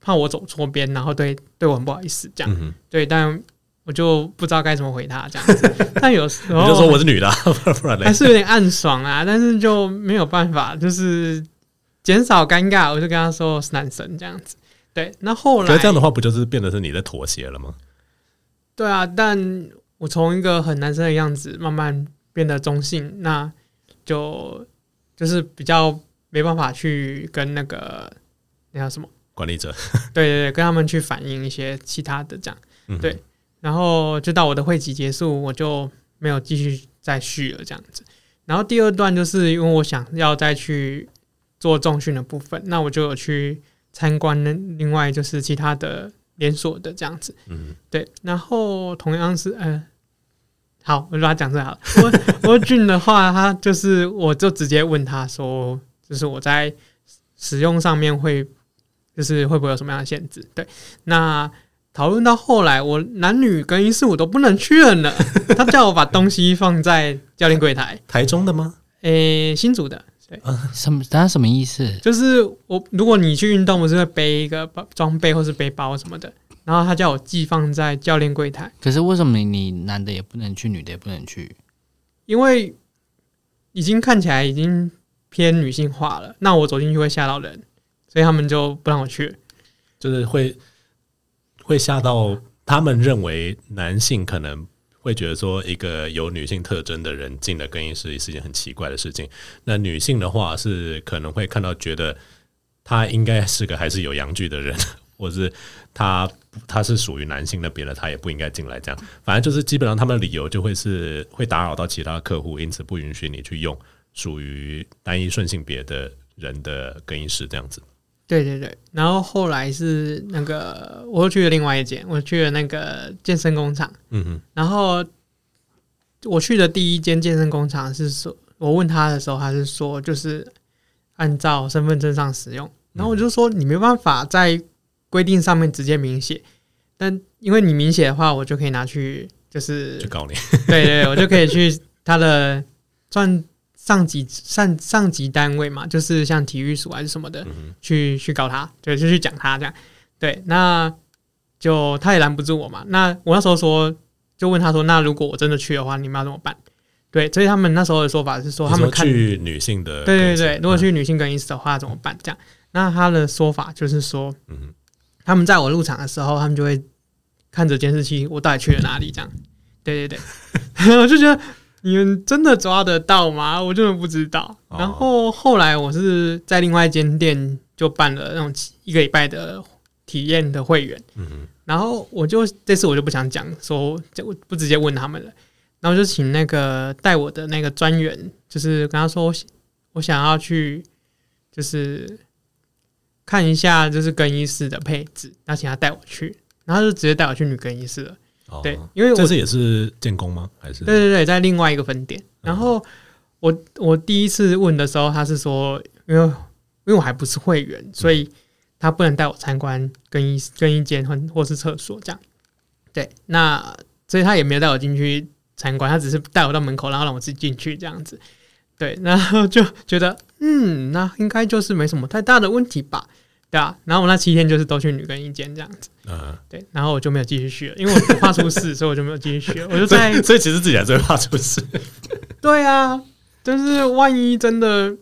怕我走錯邊，然後對對我很不好意思這樣。嗯、哼對，但我就不知道該怎麼回他。這樣子。 <laughs> 但有時候你就說我是女的，還是有點暗爽啊。 <laughs> 但是就沒有辦法，就是減少尷尬。我就跟他說是男生這樣子。對，那後來這樣的話，不就是變得是你的妥協了嗎？對啊，但我從一個很男生的樣子，慢慢變得中性。那就就是比較沒辦法去跟那個那叫什麼管理者， <laughs> ，對，對對，跟他們去反映一些其他的這樣，嗯、哼對。然後就到我的會籍，結束我就沒有繼續再續了這樣子。然後第二段就是因為我想要再去做重訓的部分，那我就有去參觀另外就是其他的連鎖的這樣子，嗯、哼對。然後同樣是嗯。呃好，我就把他講出來好了。我我俊的話，他就是我就直接問他說，就是我在使用上面會，就是會不會有什麼樣的限制？對，那討論到後來，我男女更衣室我都不能去了呢。 <laughs> 他叫我把東西放在教練櫃台。台中的嗎？誒，新竹的。對，什麼？他什麼意思？就是我，如果你去運動，我是會背一個裝備或是背包什麼的。然後他叫我寄放在教練櫃檯。可是為什麼你男的也不能去，女的也不能去？因為已經看起來已經偏女性化了。那我走進去會嚇到人，所以他們就不讓我去。就是會會嚇到，他們認為男性可能會覺得說一個有女性特徵的人進了更衣室是一件很奇怪的事情。那女性的話是可能會看到覺得他應該是個還是有陽具的人。或者是他他是屬於男性的，別的他也不應該進來。這樣，反正就是基本上他們的理由就會是會打擾到其他客戶，因此不允許你去用屬於單一順性別的人的更衣室這樣子。對對對。然後後來是那個，我又去了另外一間，我去了那個健身工廠。嗯哼。然後我去的第一間健身工廠是說，我問他的時候，他是說就是按照身份證上使用。然後我就說你沒辦法在。規定上面直接明寫，但因為你明寫的話，我就可以拿去就是去告你，對對，我就可以去他的轉上級上上級單位嘛，就是像體育署還是什麼的、嗯、哼去去告他，對，就去講他這樣。對，那就他也攔不住我嘛。那我那時候說，就問他說，那如果我真的去的話，你們要怎麼辦？對，所以他們那時候的說法是說，他們去女性的，對對對，嗯、如果去女性更衣室的話怎麼辦？這樣，那他的說法就是說，嗯。他們在我入場的時候，他們就會看着監視器，我到底去了哪裡？這樣，對對對， <laughs> <laughs> 我就覺得你們真的抓得到嗎？我真的不知道。然後後來我是在另外一間店就辦了那種一個禮拜的體驗的會員。嗯哼。然後我就這次我就不想講說，就我不直接問他們了。然後就請那個帶我的那個專員，就是跟他說我想我想要去，就是。看一下就是更衣室的配置，然後請他帶我去，然後他就直接帶我去女更衣室了。哦、對，因為我這次也是建工嗎？還是對對對，在另外一個分店。然後我我第一次問的時候，他是說因為因為我還不是會員，所以他不能帶我參觀更衣更衣間或或是廁所這樣。對，那所以他也沒有帶我進去參觀，他只是帶我到門口，然後讓我自己進去這樣子。對，然後就覺得。嗯，那應該就是沒什麼太大的問題吧，對啊，然後我那七天就是都去女更衣間這樣子，啊、嗯，對，然後我就沒有繼續去，因為我不怕出事， <laughs> 所以我就沒有繼續去。我就在所，所以其實自己還是會怕出事， <laughs> 對啊，就是萬一真的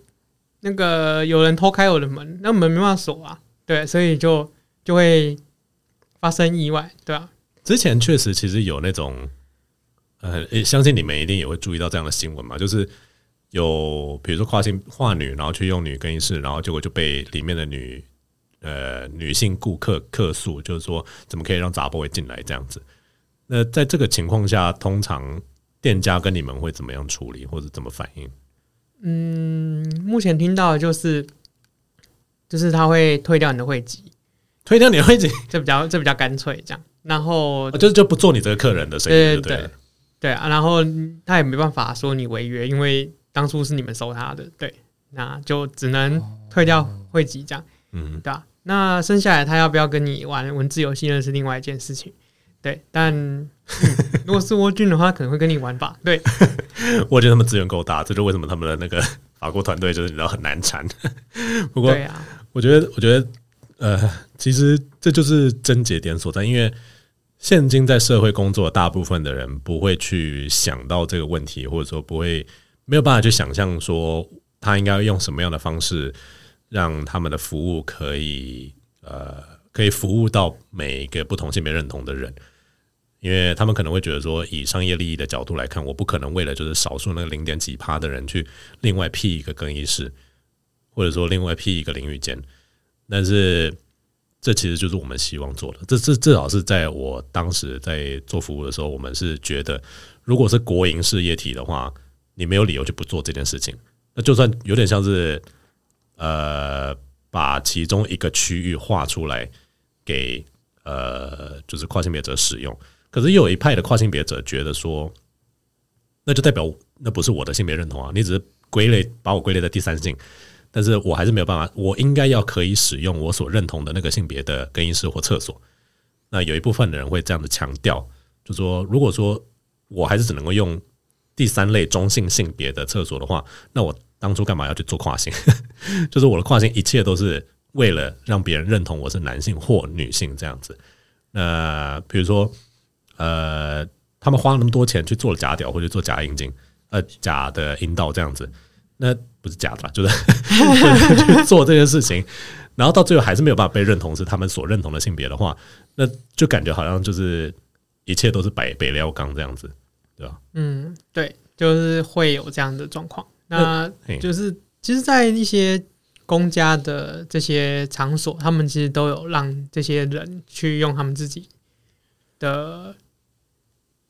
那個有人偷開我的門，那門沒辦法鎖啊，對，所以就就會發生意外，對吧、啊？之前確實其實有那種，呃、欸，相信你們一定也會注意到這樣的新聞嘛，就是。有比如說跨性跨女，然後去用女更衣室，然後結果就被裡面的女呃、女性顧客客訴，就是說怎麼可以讓雜波會進來這樣子。那在這個情況下，通常店家跟你們會怎麼樣處理，或者怎麼反應？嗯，目前聽到的就是就是他會退掉你的會籍，退掉你的會籍，就比較就比較乾脆這樣。然後、哦、就是就不做你這個客人的生意，對對對啊。然後他也沒辦法說你違約，因為，當初是你們收他的，對，那就只能退掉會籍這樣，嗯哼，對吧？那剩下來他要不要跟你玩文字遊戲，那是另外一件事情，對。但、嗯、如果是蝸苣的話， <laughs> 可能會跟你玩吧？對。我覺得他們資源夠大，這就是為什麼他們的那個法國團隊就是你知道很難纏。不過，啊、我覺得，我覺得，呃，其實這就是癥結點所在，因為現今在社會工作的大部分的人不會去想到這個問題，或者說不會。沒有辦法去想象說，他應該用什麼樣的方式讓他們的服務可以呃，可以服務到每一個不同性別認同的人，因為他們可能會覺得說，以商業利益的角度來看，我不可能為了就是少數那個零點幾趴的人去另外闢一個更衣室，或者說另外闢一個淋浴間，但是這其實就是我們希望做的，這，這這至少是在我當時在做服務的時候，我們是覺得如果是國營事業體的話。你沒有理由就不做這件事情，那就算有點像是，呃，把其中一個區域劃出來給呃，就是跨性別者使用。可是又有一派的跨性別者覺得說，那就代表那不是我的性別認同啊，你只是歸類把我歸類在第三性，但是我還是沒有辦法，我應該要可以使用我所認同的那個性別的更衣室或廁所。那有一部分的人會這樣子強調，就是說如果說我還是只能夠用。第三類中性性別的廁所的話，那我當初幹嘛要去做跨性？ <laughs> 就是我的跨性一切都是為了讓別人認同我是男性或女性這樣子。那比如說，呃，他們花那麼多錢去做假屌或者做假陰莖，呃，假的陰道這樣子，那不是假的吧，就是， <laughs> 就是去做這些事情，然後到最後還是沒有辦法被認同是他們所認同的性別的話，那就感覺好像就是一切都是白白了工這樣子。嗯，對，就是會有這樣的狀況。那就是其實，在一些公家的這些場所，他們其實都有讓這些人去用他們自己的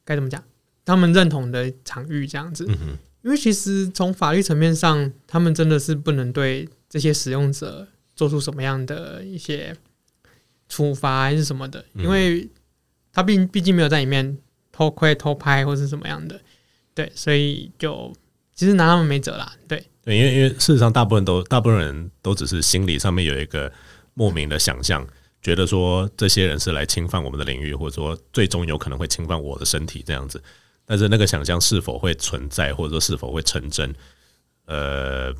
該怎麼講，他們認同的場域這樣子。嗯哼。因為其實從法律層面上，他們真的是不能對這些使用者做出什麼樣的一些處罰還是什麼的，嗯哼。因為他並畢竟沒有在裡面。偷窺、偷拍或者是什麼樣的，對，所以就其實拿他們沒轍啦，對。對，因為因為事實上，大部分都大部分人都只是心理上面有一個莫名的想象，覺得說，這些人是來侵犯我們的領域，或者說最終有可能會侵犯我的身體這樣子。但是那個想象是否會存在，或者說是否會成真，呃，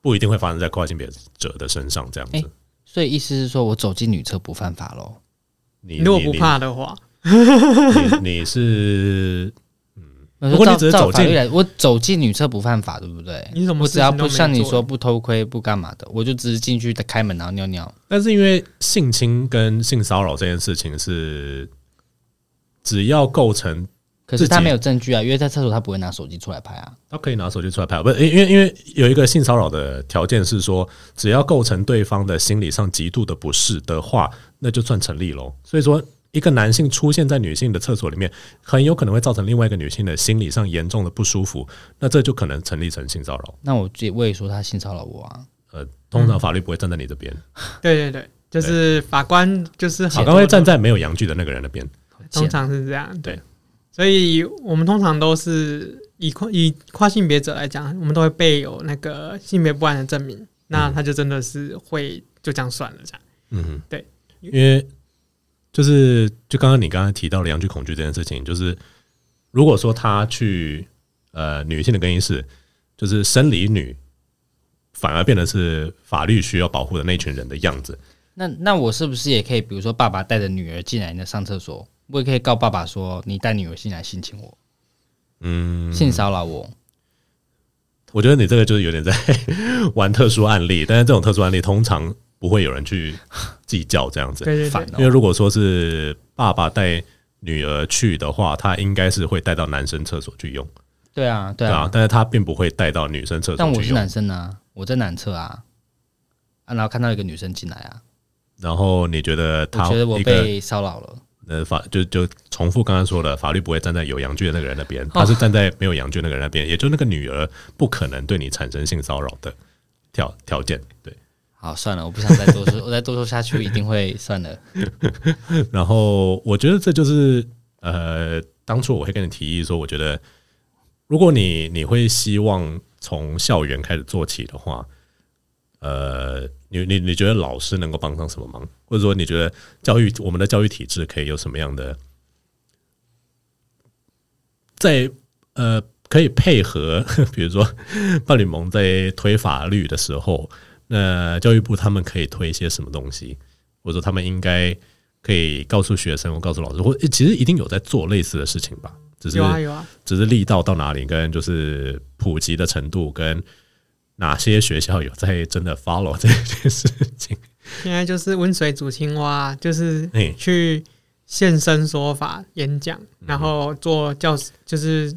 不一定會發生在跨性別者的身上這樣子。欸，所以意思是說我走進女廁不犯法嘍？你如果不怕的話。 <laughs> 你你是嗯，如果你只是走進，我走進女廁不犯法對不對？你怎麼我只要不沒像你說，嗯、不偷窺不幹嘛的，我就只是進去的開門然後尿尿。但是因為性侵跟性騷擾這件事情是只要構成，可是他沒有證據啊，因為在廁所他不會拿手機出來拍啊，他可以拿手機出來拍。不是，因為因為有一個性騷擾的條件是說，只要構成對方的心理上極度的不適的話，那就算成立咯。所以說。一個男性出現在女性的廁所裡面，很有可能會造成另外一個女性的心理上嚴重的不舒服，那這就可能成立成性騷擾。那我這我也說他性騷擾我啊？呃，通常法律不會站在你這邊、嗯。對對對，就是法官就是法官了會站在沒有陽具的那個人那邊。了通常是這樣。對，所以我們通常都是以跨以跨性別者來講，我們都會備有那個性別不安的證明，嗯、那他就真的是會就這樣算了，這樣。嗯哼，對，因為。就是，就剛剛你剛剛提到的陽具恐懼這件事情，就是如果說他去呃女性的更衣室，就是生理女，反而變得是法律需要保護的那群人的樣子。那那我是不是也可以，比如說爸爸帶着女兒進來上廁所，我也可以告爸爸說，你帶女兒進來性侵我，嗯，性騷擾我。我覺得你這個就是有點在 <laughs> 玩特殊案例，但是這種特殊案例通常。不會有人去計較這樣子，對對對，因為如果說是爸爸帶女兒去的話，他應該是會帶到男生廁所去用。對啊，對啊，對啊，但是他並不會帶到女生廁所去用。但我是男生啊，我在男廁啊，啊，然後看到一個女生進來啊，然後你覺得他我覺得我被騷擾了？呃，法就就重複剛剛說的，法律不會站在有陽具的那個人那邊，哦、他是站在沒有陽具那個人那邊，也就是那個女兒不可能對你產生性騷擾的條條件，對。好，算了，我不想再多說。我再多說下去，一定會算了。 <laughs> 然後，我覺得這就是呃，當初我會跟你提議說，我覺得如果你你會希望從校園開始做起的話，呃，你你你覺得老師能夠幫上什麼忙，或者說你覺得教育我們的教育體制可以有什麼樣的在，在呃，可以配合，比如說伴侶盟在推法律的時候。那、呃、教育部他們可以推一些什麼東西，或者他們應該可以告訴學生，或告訴老師，或其實一定有在做類似的事情吧？只是有啊，有啊，只是力道到哪裡，跟就是普及的程度，跟哪些學校有在真的 follow 這件事情？現在就是溫水煮青蛙，就是去現身說法演、演講、嗯哼，然後做教就是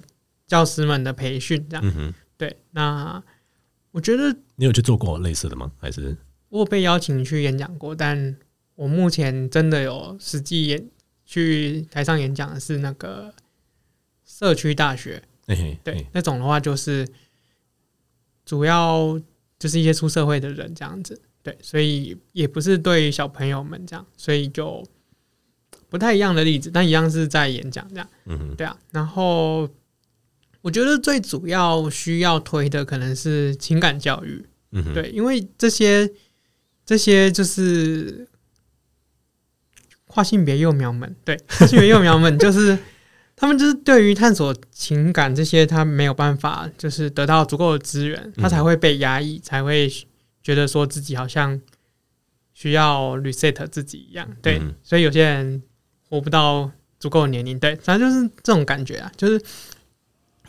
教師們的培訓，這樣。嗯哼，對，那。我覺得你有去做過類似的嗎？還是我有被邀請去演講過，但我目前真的有實際演去台上演講的是那個社區大學，嘿嘿，對，嘿嘿，那種的話就是主要就是一些出社會的人這樣子，對，所以也不是對小朋友們這樣，所以就不太一樣的例子，但一樣是在演講這樣，嗯哼，對啊，然後。我覺得最主要需要推的可能是情感教育，嗯、哼對，因為這些這些就是跨性別幼苗們，對，跨性別幼苗們就是他們就是對於探索情感這些，他沒有辦法，就是得到足夠的資源，他才會被壓抑，才會覺得說自己好像需要 reset 自己一樣，對，嗯、哼所以有些人活不到足夠的年齡，對，反正就是這種感覺啊，就是。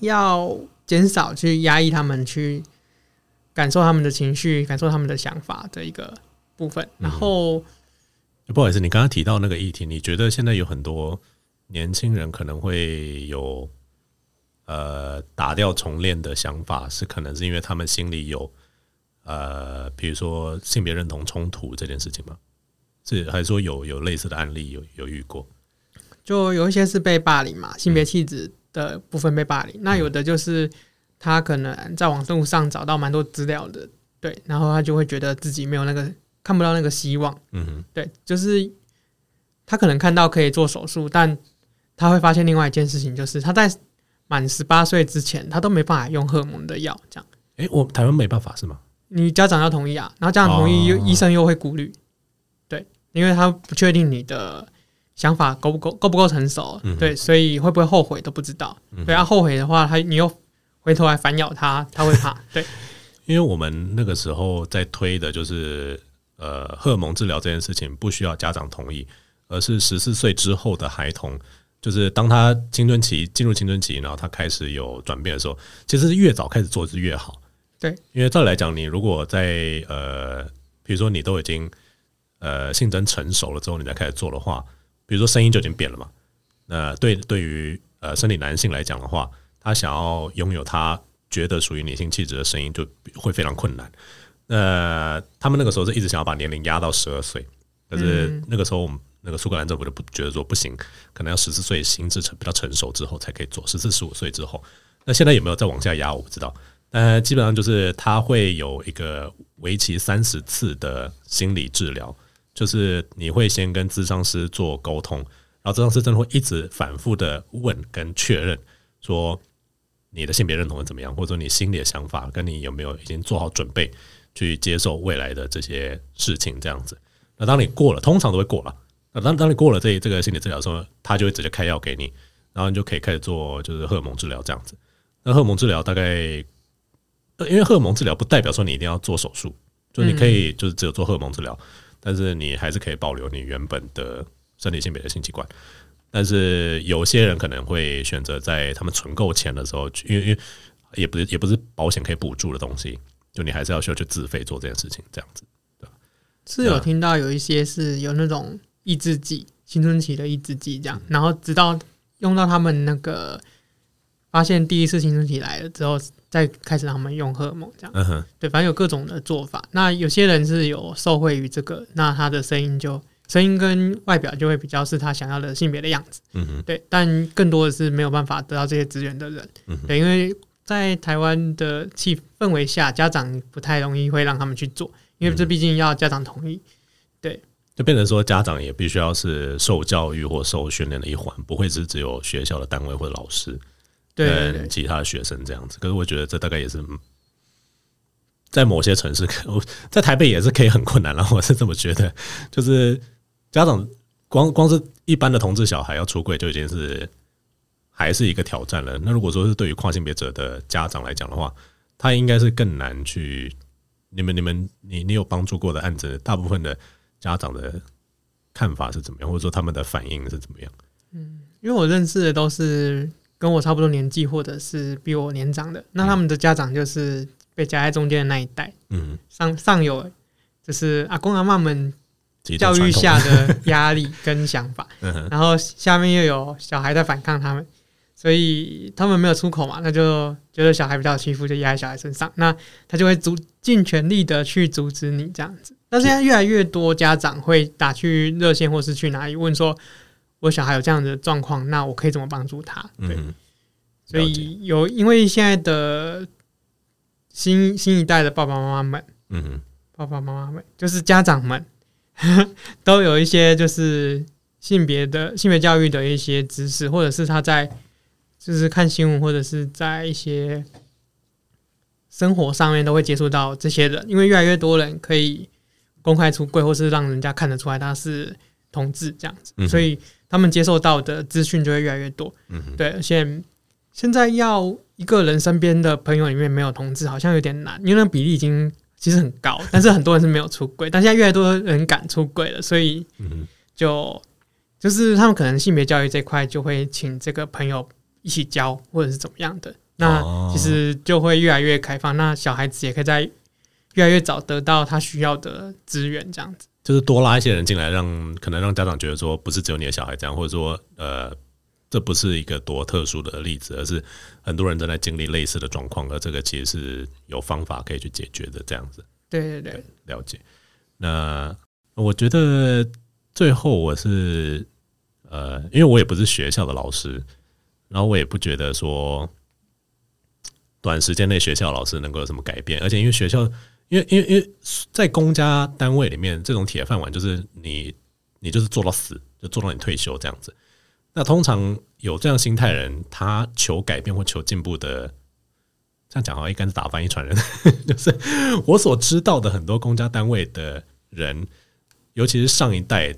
要減少去壓抑他們，去感受他們的情緒，感受他們的想法這一個部分。然後，嗯、不好意思，你剛剛提到那個議題，你覺得現在有很多年輕人可能會有呃打掉重練的想法，是可能是因為他們心裡有呃，比如說性別認同衝突這件事情嗎？是還是說有有類似的案例有有遇過？就有一些是被霸凌嘛，性別氣質。的部分被霸凌，那有的就是他可能在網絡上找到蠻多資料的，對，然後他就會覺得自己沒有那個看不到那個希望，嗯哼對，就是他可能看到可以做手術，但他會發現另外一件事情，就是他在滿十八歲之前，他都沒辦法用荷爾蒙的藥，這樣。誒、欸，我台灣沒辦法是嗎？你家長要同意啊，然後家長同意，哦哦哦哦醫生又會顧慮，對，因為他不確定你的。想法夠不夠夠不夠成熟？嗯、哼對，所以會不會後悔都不知道。嗯、哼對，他、啊、後悔的話，他你又回頭來反咬他，他會怕。 <laughs> 對，因為我們那個時候在推的就是呃，荷爾蒙治療這件事情不需要家長同意，而是十四歲之後的孩童，就是當他青春期進入青春期，然後他開始有轉變的時候，其實是越早開始做是越好。對，因為再來講，你如果在呃，比如說你都已經呃性徵成熟了之後，你再開始做的話。比如說聲音就已經變了嘛，那對對於呃生理男性來講的話，他想要擁有他覺得屬於女性氣質的聲音，就會非常困難。那他們那個時候是一直想要把年齡壓到十二歲，但是那個時候我們那個蘇格蘭政府就不覺得說不行，可能要十四歲心智成比較成熟之後才可以做，十四十五歲之後。那現在有沒有再往下壓我不知道，但基本上就是他會有一個為期三十次的心理治療。就是你會先跟諮商師做溝通，然後諮商師真的會一直反覆的問跟確認，說你的性別認同是怎麼樣，或者說你心裡的想法，跟你有沒有已經做好準備去接受未來的這些事情，這樣子。那當你過了，通常都會過了。那當當你過了這這個心理治療的時候，他就會直接開藥給你，然後你就可以開始做就是荷爾蒙治療這樣子。那荷爾蒙治療大概，呃，因為荷爾蒙治療不代表說你一定要做手術，就你可以就是只有做荷爾蒙治療。嗯但是你還是可以保留你原本的生理性別的性器官，但是有些人可能會選擇在他們存夠錢的時候去。因為因為也不是也不是保險可以補助的東西，就你還是要需要去自費做這件事情，這樣子，對吧？是有聽到有一些是有那種抑制劑，青春期的抑制劑這樣，然後直到用到他們那個。發現第一次青春期來了之後，再開始讓他們用荷爾蒙這樣，嗯、哼對，反正有各種的做法。那有些人是有受惠於這個，那他的聲音就聲音跟外表就會比較是他想要的性別的樣子，嗯、哼對。但更多的是沒有辦法得到這些資源的人，嗯、哼對，因為在台灣的氣氛圍下，家長不太容易會讓他們去做，因為這畢竟要家長同意，嗯、對。就變成說，家長也必須要是受教育或受訓練的一環，不會是只有學校的單位或者老師，跟其他學生這樣子，可是我覺得這大概也是在某些城市，在台北也是可以很困難了。我是這麼覺得，就是家長光光是一般的同志小孩要出櫃就已經是還是一個挑戰了。那如果說是對於跨性別者的家長來講的話，他應該是更難去你們。你們你們你你有幫助過的案子，大部分的家長的看法是怎麼樣，或者說他們的反應是怎麼樣？嗯，因為我認識的都是。跟我差不多年紀，或者是比我年長的，那他們的家長就是被夾在中間的那一代。嗯，上上有就是阿公阿嬤們教育下的壓力跟想法， <laughs> 然後下面又有小孩在反抗他們，所以他們沒有出口嘛，那就覺得小孩比較欺負，就壓在小孩身上。那他就會盡全力的去阻止你這樣子。那現在越來越多家長會打去熱線或是去哪裡問說。我小孩有這樣的狀況，那我可以怎麼幫助他？對，嗯、所以有因為現在的新新一代的爸爸媽媽們，嗯哼爸爸媽媽們就是家長們呵呵，都有一些就是性別的性別教育的一些知識，或者是他在就是看新聞或者是在一些生活上面都會接觸到這些人，因為越來越多人可以公開出櫃或是讓人家看得出來他是同志這樣子，所以、嗯。他們接受到的資訊就會越來越多，嗯哼，對。而且現在要一個人身邊的朋友裡面沒有同志，好像有點難，因爲那比例已經其實很高，但是很多人是沒有出櫃， <laughs> 但現在越來越多的人敢出櫃了，所以就、嗯、哼就是他們可能性別教育這塊就會請這個朋友一起教，或者是怎麼樣的，那其實就會越來越開放。那小孩子也可以在越來越早得到他需要的資源，這樣子。就是多拉一些人進來讓，讓可能讓家長覺得說，不是只有你的小孩這樣，或者說，呃，這不是一個多特殊的例子，而是很多人正在經歷類似的狀況，而這個其實是有方法可以去解決的，這樣子。對對對，了解。那我覺得最後我是呃，因為我也不是學校的老師，然後我也不覺得說短時間內學校老師能夠有什麼改變，而且因為學校。因為因為因為在公家單位裡面，這種鐵飯碗就是你你就是做到死，就做到你退休這樣子。那通常有這樣心態的人，他求改變或求進步的，這樣講話一竿子打翻一船人，就是我所知道的很多公家單位的人，尤其是上一代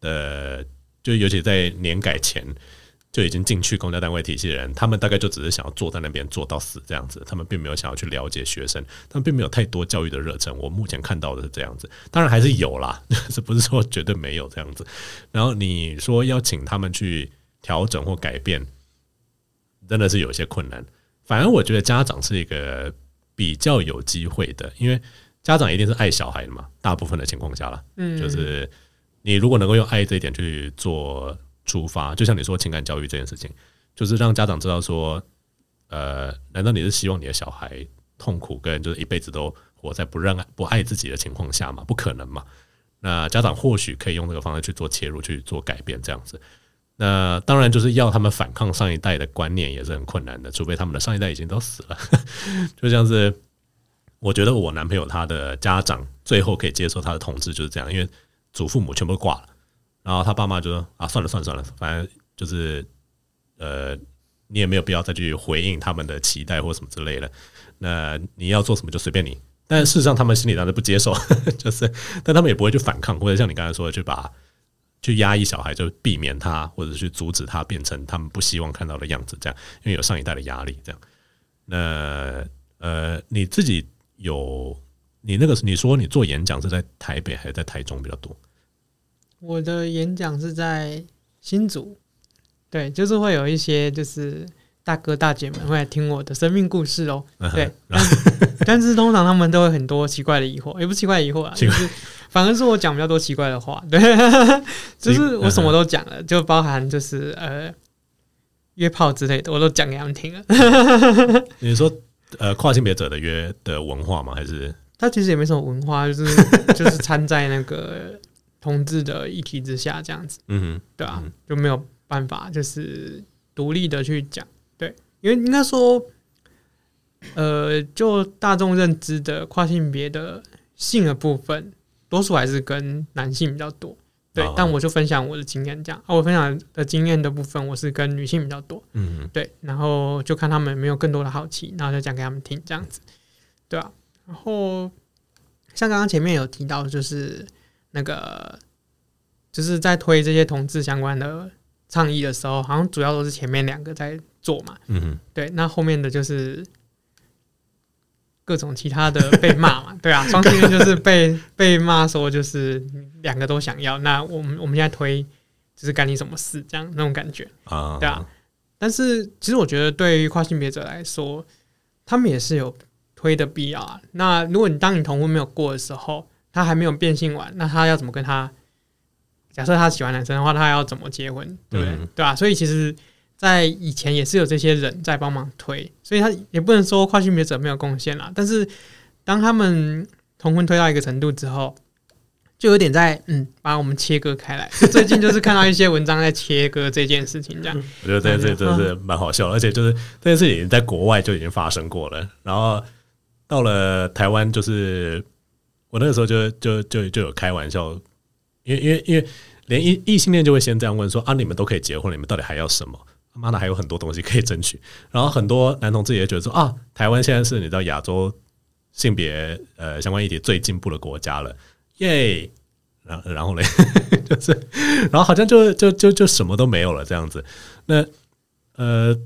的，就尤其在年改前，就已經進去公家單位體系的人，他們大概就只是想要坐在那邊坐到死這樣子，他們並沒有想要去了解學生，他們並沒有太多教育的熱忱。我目前看到的是這樣子，當然還是有啦，這不是說絕對沒有這樣子。然後你說要請他們去調整或改變，真的是有些困難。反而我覺得家長是一個比較有機會的，因為家長一定是愛小孩的嘛，大部分的情況下啦，嗯，就是你如果能夠用愛這一點去做，出發，就像你說情感教育這件事情，就是讓家長知道說，呃，難道你是希望你的小孩痛苦，跟就是一輩子都活在不讓不愛自己的情況下嗎？不可能嘛。那家長或許可以用這個方式去做切入，去做改變這樣子。那當然就是要他們反抗上一代的觀念也是很困難的，除非他們的上一代已經都死了。 <laughs> 就像是我覺得我男朋友他的家長最後可以接受他的同志就是這樣，因為祖父母全部掛了。然後他爸媽就說：“啊，算了，算了算了，反正就是，呃，你也沒有必要再去回應他們的期待或什麼之類的。那你要做什麼就隨便你。但事實上，他們心裡當然不接受，就是，但他們也不會去反抗，或者像你剛才說的，去把去壓抑小孩，就避免他，或者去阻止他變成他們不希望看到的樣子，這樣，因為有上一代的壓力，這樣。那呃，你自己有你那個，你說你做演講是在台北還是在台中比較多？”我的演講是在新竹，對，就是會有一些就是大哥大姐們會來聽我的生命故事哦。Uh huh. 對，但是通常他們都有很多奇怪的疑惑，也、欸、不奇怪的疑惑啊，怪就是反而是我講比較多奇怪的話。對， <laughs> 就是我什麼都講了，uh huh. 就包含就是呃約炮之類的，我都講給他們聽了。 <laughs> 你說呃跨性別者的約的文化嗎？還是他其實也沒什麼文化，就是就是參在那個。 <laughs> 同志的議題之下，這樣子，嗯，對啊。就沒有辦法，就是獨立的去講，對，因為應該說，呃，就大眾認知的跨性別的性的部分，多數還是跟男性比較多，對。啊、但我就分享我的經驗，這樣、啊。我分享的經驗的部分，我是跟女性比較多，嗯哼對。然後就看他們有沒有更多的好奇，然後再講給他們聽，這樣子，對吧、啊？然後像剛剛前面有提到，就是。那個就是在推這些同志相關的倡議的時候，好像主要都是前面兩個在做嘛，嗯哼對，那後面的就是各種其他的被罵嘛， <laughs> 對啊，雙性人就是被 <laughs> 被罵說就是兩個都想要，那我們我們現在推就是干你什麼事這樣那種感覺啊，uh huh. 對啊，但是其實我覺得對於跨性別者來說，他們也是有推的必要啊。那如果你當你同婚沒有過的時候，他還沒有變性完，那他要怎麼跟他？假設他喜歡男生的話，他要怎麼結婚？對對啊、嗯。所以其實，在以前也是有這些人在幫忙推，所以他也不能說跨性別者沒有貢獻了。但是，當他們同婚推到一個程度之後，就有點在嗯，把我們切割開來。最近就是看到一些文章在切割這件事情，這樣, <laughs> 這樣我覺得這真的是蠻好笑，啊、而且就是這件事情在國外就已經發生過了，然後到了台灣就是。我那個時候就就就就有開玩笑，因為因為因為連異異性戀就會先這樣問說啊，你們都可以結婚了，你們到底還要什麼？他媽的還有很多東西可以爭取。然後很多男同志也覺得說啊，台灣現在是你知道亞洲性別呃相關議題最進步的國家了，耶！然後然後嘞，就是然後好像就就就就什麼都沒有了這樣子。那呃，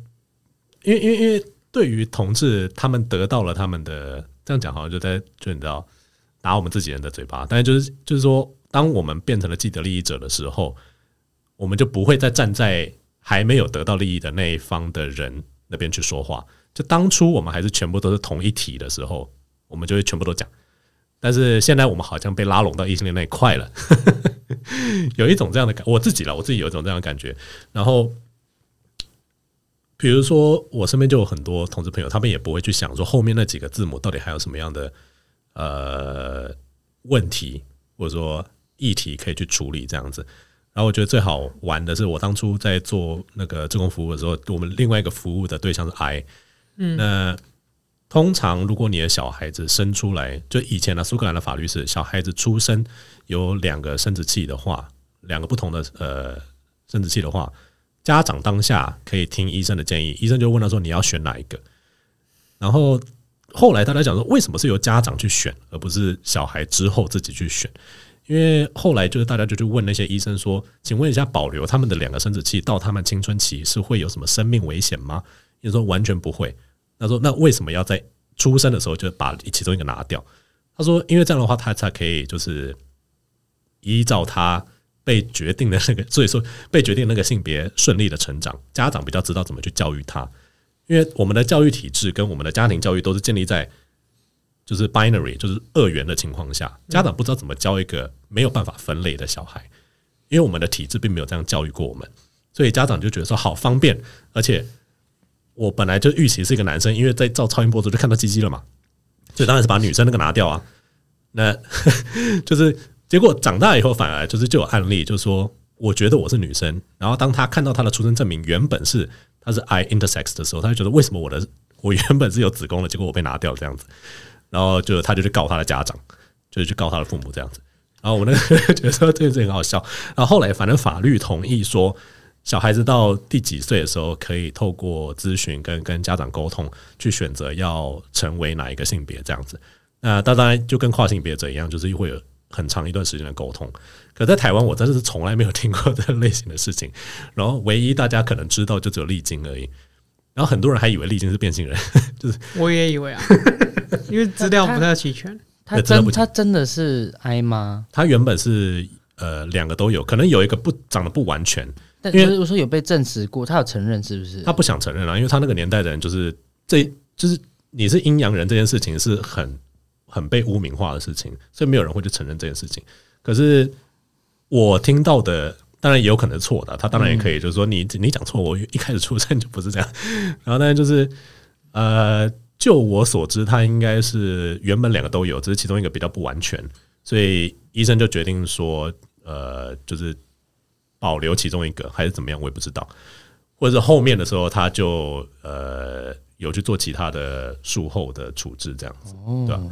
因為因為因為對於同志，他們得到了他們的這樣講，好像就在就你知道。打我們自己人的嘴巴，但是就是就是說，當我們變成了既得利益者的時候，我們就不會再站在還沒有得到利益的那一方的人那邊去說話。就當初我們還是全部都是同一體的時候，我們就會全部都講。但是現在我們好像被拉攏到異性戀那一塊了， <laughs> 有一種這樣的感。我自己了，我自己有一種這樣的感覺。然後，比如說我身邊就有很多同志朋友，他們也不會去想說後面那幾個字母到底還有什麼樣的。呃，問題或者說議題可以去處理這樣子。然後我覺得最好玩的是，我當初在做那個志工服務的時候，我們另外一個服務的對象是 I，嗯。那通常如果你的小孩子生出來，就以前的蘇格蘭的法律是小孩子出生有兩個生殖器的話，兩個不同的呃生殖器的話，家長當下可以聽醫生的建議，醫生就問他說你要選哪一個，然後。後來大家講說，為什麼是由家長去選，而不是小孩之後自己去選？因為後來就是大家就去問那些醫生說：“請問一下，保留他們的兩個生殖器到他們青春期是會有什麼生命危險嗎？”也說完全不會。他說：“那為什麼要在出生的時候就把其中一個拿掉？”他說：“因為這樣的話，他才可以就是依照他被決定的那個，所以說被決定那個性別順利的成長。家長比較知道怎麼去教育他。”因為我們的教育體制跟我們的家庭教育都是建立在就是 binary 就是二元的情況下，家長不知道怎麼教一個沒有辦法分類的小孩，因為我們的體制並沒有這樣教育過我們，所以家長就覺得說好方便，而且我本來就預期是一個男生，因為在照超音波的時候就看到雞雞了嘛，所以當然是把女生那個拿掉啊，那 <laughs> 就是結果長大以後反而就是就有案例，就是說我覺得我是女生，然後當他看到他的出生證明原本是。他是 I intersex 的時候，他就覺得為什麼我的我原本是有子宮的，結果我被拿掉這樣子，然後就他就去告他的家長，就是去告他的父母這樣子。然後我那個覺得說這個事情很好笑。然後後來反正法律同意說，小孩子到第幾歲的時候可以透過諮詢跟跟家長溝通，去選擇要成為哪一個性別這樣子。那當然就跟跨性別者一樣，就是會有很長一段時間的溝通。在台灣，我真的是從來沒有聽過這類型的事情。然後，唯一大家可能知道就只有利菁而已。然後，很多人還以為利菁是變性人，就是我也以為啊， <laughs> 因為資料不太齊全他他。他真他真的是 I 嗎？他原本是呃兩個都有，可能有一個不長得不完全。但是為我說有被證實過，他有承認，是不是？他不想承認啊，因為他那個年代的人，就是這就是你是陰陽人這件事情是很很被汙名化的事情，所以沒有人會去承認這件事情。可是。我聽到的當然也有可能是錯的，他當然也可以，就是說你你講錯，我一開始出生就不是這樣。然後，呢，就是呃，就我所知，他應該是原本兩個都有，只是其中一個比較不完全，所以醫生就決定說，呃，就是保留其中一個還是怎麼樣，我也不知道。或者後面的時候，他就呃有去做其他的術後的處置，這樣子對吧、啊？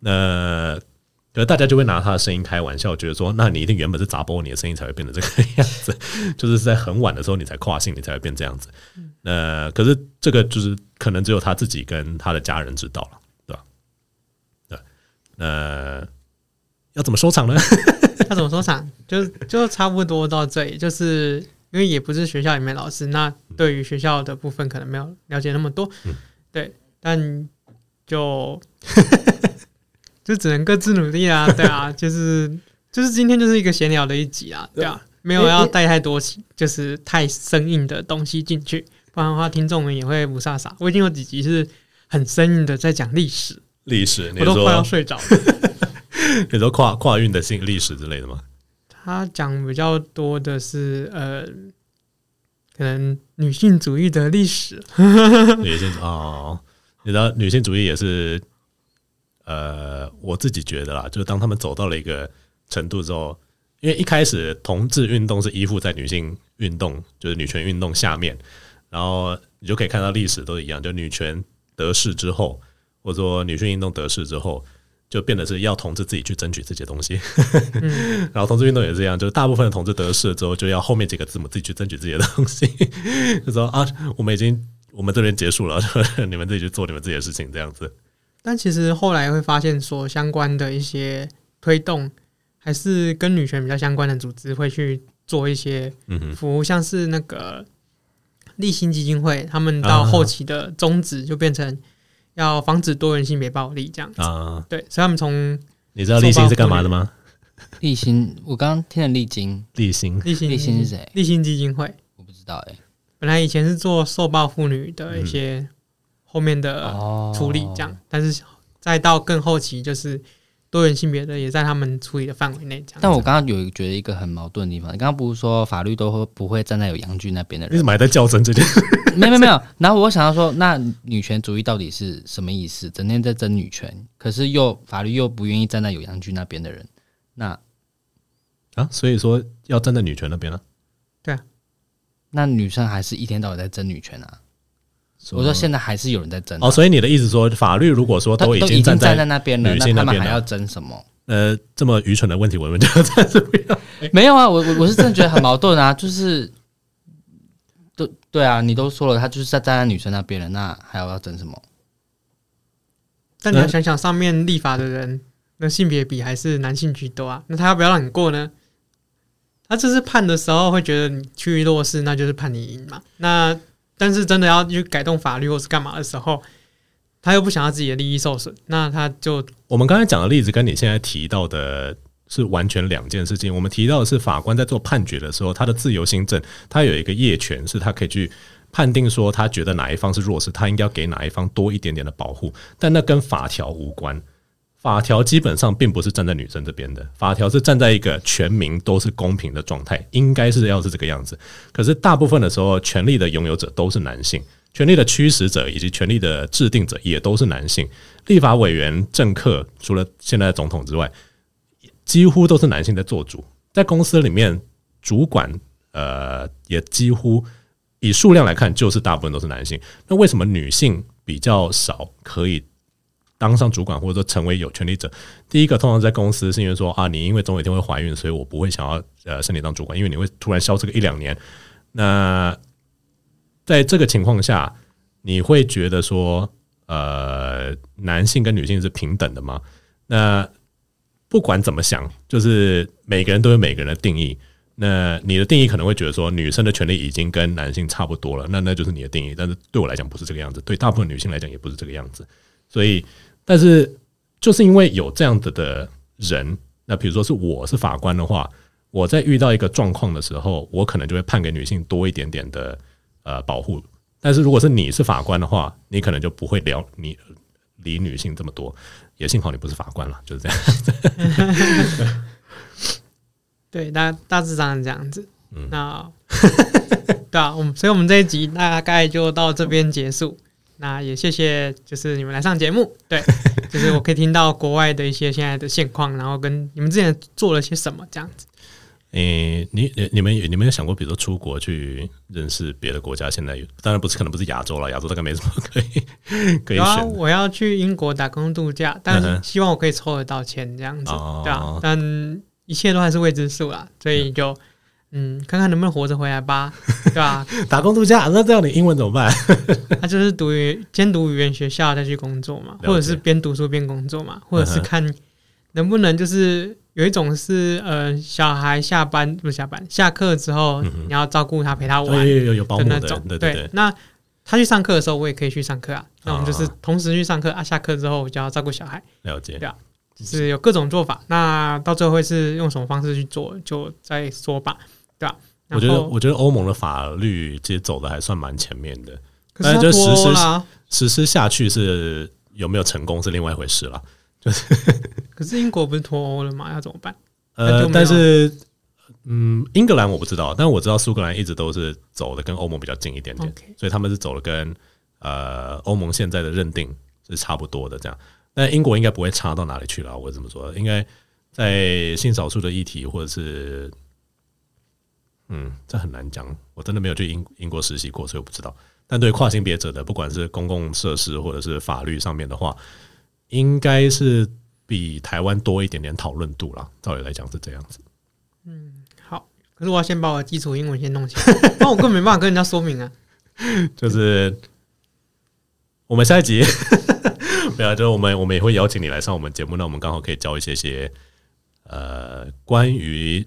那。對，大家就會拿他的聲音開玩笑，覺得說，那你一定原本是雜波，你的聲音才會變成這個樣子。就是在很晚的時候，你才跨性，你才會變這樣子。呃，可是這個就是可能只有他自己跟他的家人知道了，對吧？對，呃，要怎麼收場呢？他怎麼收場？ <laughs> 就是就差不多到這裡，就是因為也不是學校裡面老師，那對於學校的部分可能沒有了解那麼多。嗯、對，但就。 <laughs> 就只能各自努力啊，對啊， <laughs> 就是就是今天就是一個閒聊的一集啊，對啊，沒有要帶太多就是太生硬的東西進去，不然的話聽眾們也會霧煞煞。我已經有幾集是很生硬的在講歷史，歷史，你說，我都快要睡着了。 <laughs> 你說跨跨運的性歷史之類的嗎？他講比較多的是呃，可能女性主義的歷史。 <laughs> 女性哦，你知道女性主義也是。呃，我自己覺得啦，就是當他們走到了一個程度之後，因為一開始同志運動是依附在女性運動，就是女權運動下面，然後你就可以看到歷史都一樣，就女權得勢之後，或者說女性運動得勢之後，就變得是要同志自己去爭取這些東西。 <laughs> 嗯、然後同志運動也是這樣，就是大部分的同志得勢之後，就要後面幾個字母自己去爭取自己的東西。 <laughs> 就說啊，我們已經我們這邊結束了，你們自己去做你們自己的事情，這樣子。但其實後來會發現，說相關的一些推動，還是跟女權比較相關的組織會去做一些服務，嗯、哼像是那個勵馨基金會，他們到後期的宗旨就變成要防止多元性別暴力這樣子啊、啊、啊、啊。對，所以他們從，你知道勵馨是幹嘛的嗎？ <laughs> 勵馨心，我剛剛聽了勵馨、勵馨，勵馨是誰？勵馨基金會，我不知道哎、欸。本來以前是做受暴婦女的一些，後面的處理這樣，哦、但是再到更後期，就是多元性別的也在他們處理的範圍內。但我剛剛有覺得一個很矛盾的地方，你剛剛不是說法律都會不會站在有陽具那邊的人？你怎麼還在較真這邊？ <laughs> 沒有沒有沒有。然後我想要說，那女權主義到底是什麼意思？整天在爭女權，可是又法律又不願意站在有陽具那邊的人，那啊，所以說要站在女權那邊呢、啊、對啊，那女生還是一天到晚在爭女權啊？So, 我說現在還是有人在爭、啊、哦，所以你的意思說，法律如果說都已經站在那邊了，那他們還要爭什麼？呃，這麼愚蠢的問題，我們就要站子、哎、沒有啊，我我我是真的覺得很矛盾啊， <laughs> 就是，對啊，你都說了，他就是在站在女生那邊了，那還要不要爭什麼？但你要想想，上面立法的人那性別比還是男性居多啊，那他要不要讓你過呢？他這是判的時候會覺得你趨於弱勢，那就是判你贏嘛？那。但是真的要去改動法律或是幹嘛的時候，他又不想要自己的利益受損，那他就，我們剛才講的例子跟你現在提到的是完全兩件事情。我們提到的是法官在做判決的時候，他的自由心證，他有一個業權，是他可以去判定說他覺得哪一方是弱勢，他應該要給哪一方多一點點的保護，但那跟法條無關。法條基本上並不是站在女生這邊的，法條是站在一個全民都是公平的狀態，應該是要是這個樣子。可是大部分的時候，權力的擁有者都是男性，權力的驅使者以及權力的制定者也都是男性。立法委員、政客，除了現在的總統之外，幾乎都是男性在做主。在公司裡面，主管呃，也幾乎以數量來看，就是大部分都是男性。那為什麼女性比較少？可以。當上主管，或者說成為有權利者，第一個通常在公司是因為說啊，你因為總有一天會懷孕，所以我不會想要呃，升你當主管，因為你會突然消失個一兩年。那在這個情況下，你會覺得說，呃，男性跟女性是平等的嗎？那不管怎麼想，就是每個人都有每個人的定義。那你的定義可能會覺得說，女生的權利已經跟男性差不多了，那那就是你的定義。但是對我來講不是這個樣子，對大部分女性來講也不是這個樣子，所以。但是，就是因為有這樣子的人，那比如說，是我是法官的話，我在遇到一個狀況的時候，我可能就會判給女性多一點點的呃保護。但是，如果是你是法官的話，你可能就不會聊你理女性這麼多。也幸好你不是法官了，就是這樣子。 <laughs> 對，大大致上是這樣子。嗯，那對啊，我們所以我們這一集大概就到這邊結束。那也謝謝，就是你們來上節目，對，就是我可以聽到國外的一些現在的現況， <laughs> 然後跟你們之前做了些什麼這樣子。嗯、欸，你你你們有你們有想過，比如說出國去認識別的國家？現在有當然不是，可能不是亞洲了，亞洲大概沒什麼可以可以選、有啊。我要去英國打工度假，但是希望我可以抽得到錢這樣子，嗯、哼對啊，但一切都還是未知數啊。所以就、嗯。嗯，看看能不能活着回來吧，對吧、啊？ <laughs> 打工度假，那這樣你英文怎麼辦？那 <laughs> 就是讀語，兼讀語言學校再去工作嘛，了解，或者是邊讀書邊工作嘛，了解，或者是看能不能就是有一種是呃，小孩下班不是下班，下課之後你要照顧他，陪他玩，嗯嗯對有，有保母的，就那種，對，對，對，對，那他去上課的時候，我也可以去上課啊。那我們就是同時去上課啊，啊，下課之後我就要照顧小孩。了解，對啊，就是有各種做法。那到最後會是用什麼方式去做，就再說吧。對啊，我覺得我覺得歐盟的法律其實走的還算蠻前面的，但是就實施實施下去是有沒有成功是另外一回事了。就是，可是英國不是脫歐了嗎？要怎麼辦？呃，但是，嗯，英格蘭我不知道，但我知道蘇格蘭一直都是走的跟歐盟比較近一點點，Okay. 所以他們是走的跟呃歐盟現在的認定是差不多的這樣。那英國應該不會差到哪裡去了，我這麼說，應該在性少數的議題或者是。嗯，這很難講，我真的沒有去英英國實習過，所以我不知道。但對跨性別者的，不管是公共設施或者是法律上面的話，應該是比台灣多一點點討論度啦。照理來講是這樣子。嗯，好。可是我要先把我的基礎英文先弄起來，那 <laughs> 我根本沒辦法跟人家說明啊。就是我們下一集，不要， <laughs> 就是我們我們也會邀請你來上我們節目，那我們剛好可以教一些些呃關於。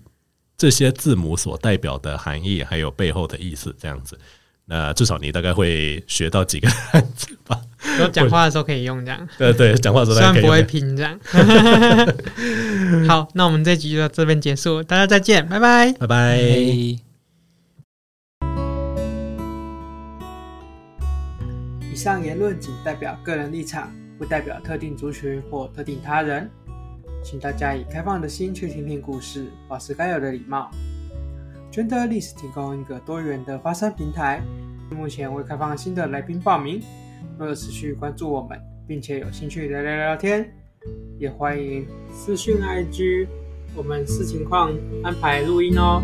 這些字母所代表的含義，還有背後的意思，這樣子，那至少你大概會學到幾個漢字吧。我講話的時候可以用這樣。 <laughs> 對，對對，講話的時候可以。雖然不會拼這樣。好，那我們這集就到這邊結束，大家再見，拜拜，拜拜。以上言論僅代表個人立場，不代表特定族群或特定他人。請大家以開放的心去聽聽故事，保持該有的禮貌。Genderless 提供一個多元的發聲平台，目前未開放新的來賓報名。若有持續關注我們，並且有興趣聊聊聊天，也歡迎私訊 IG，我們視情況安排錄音哦。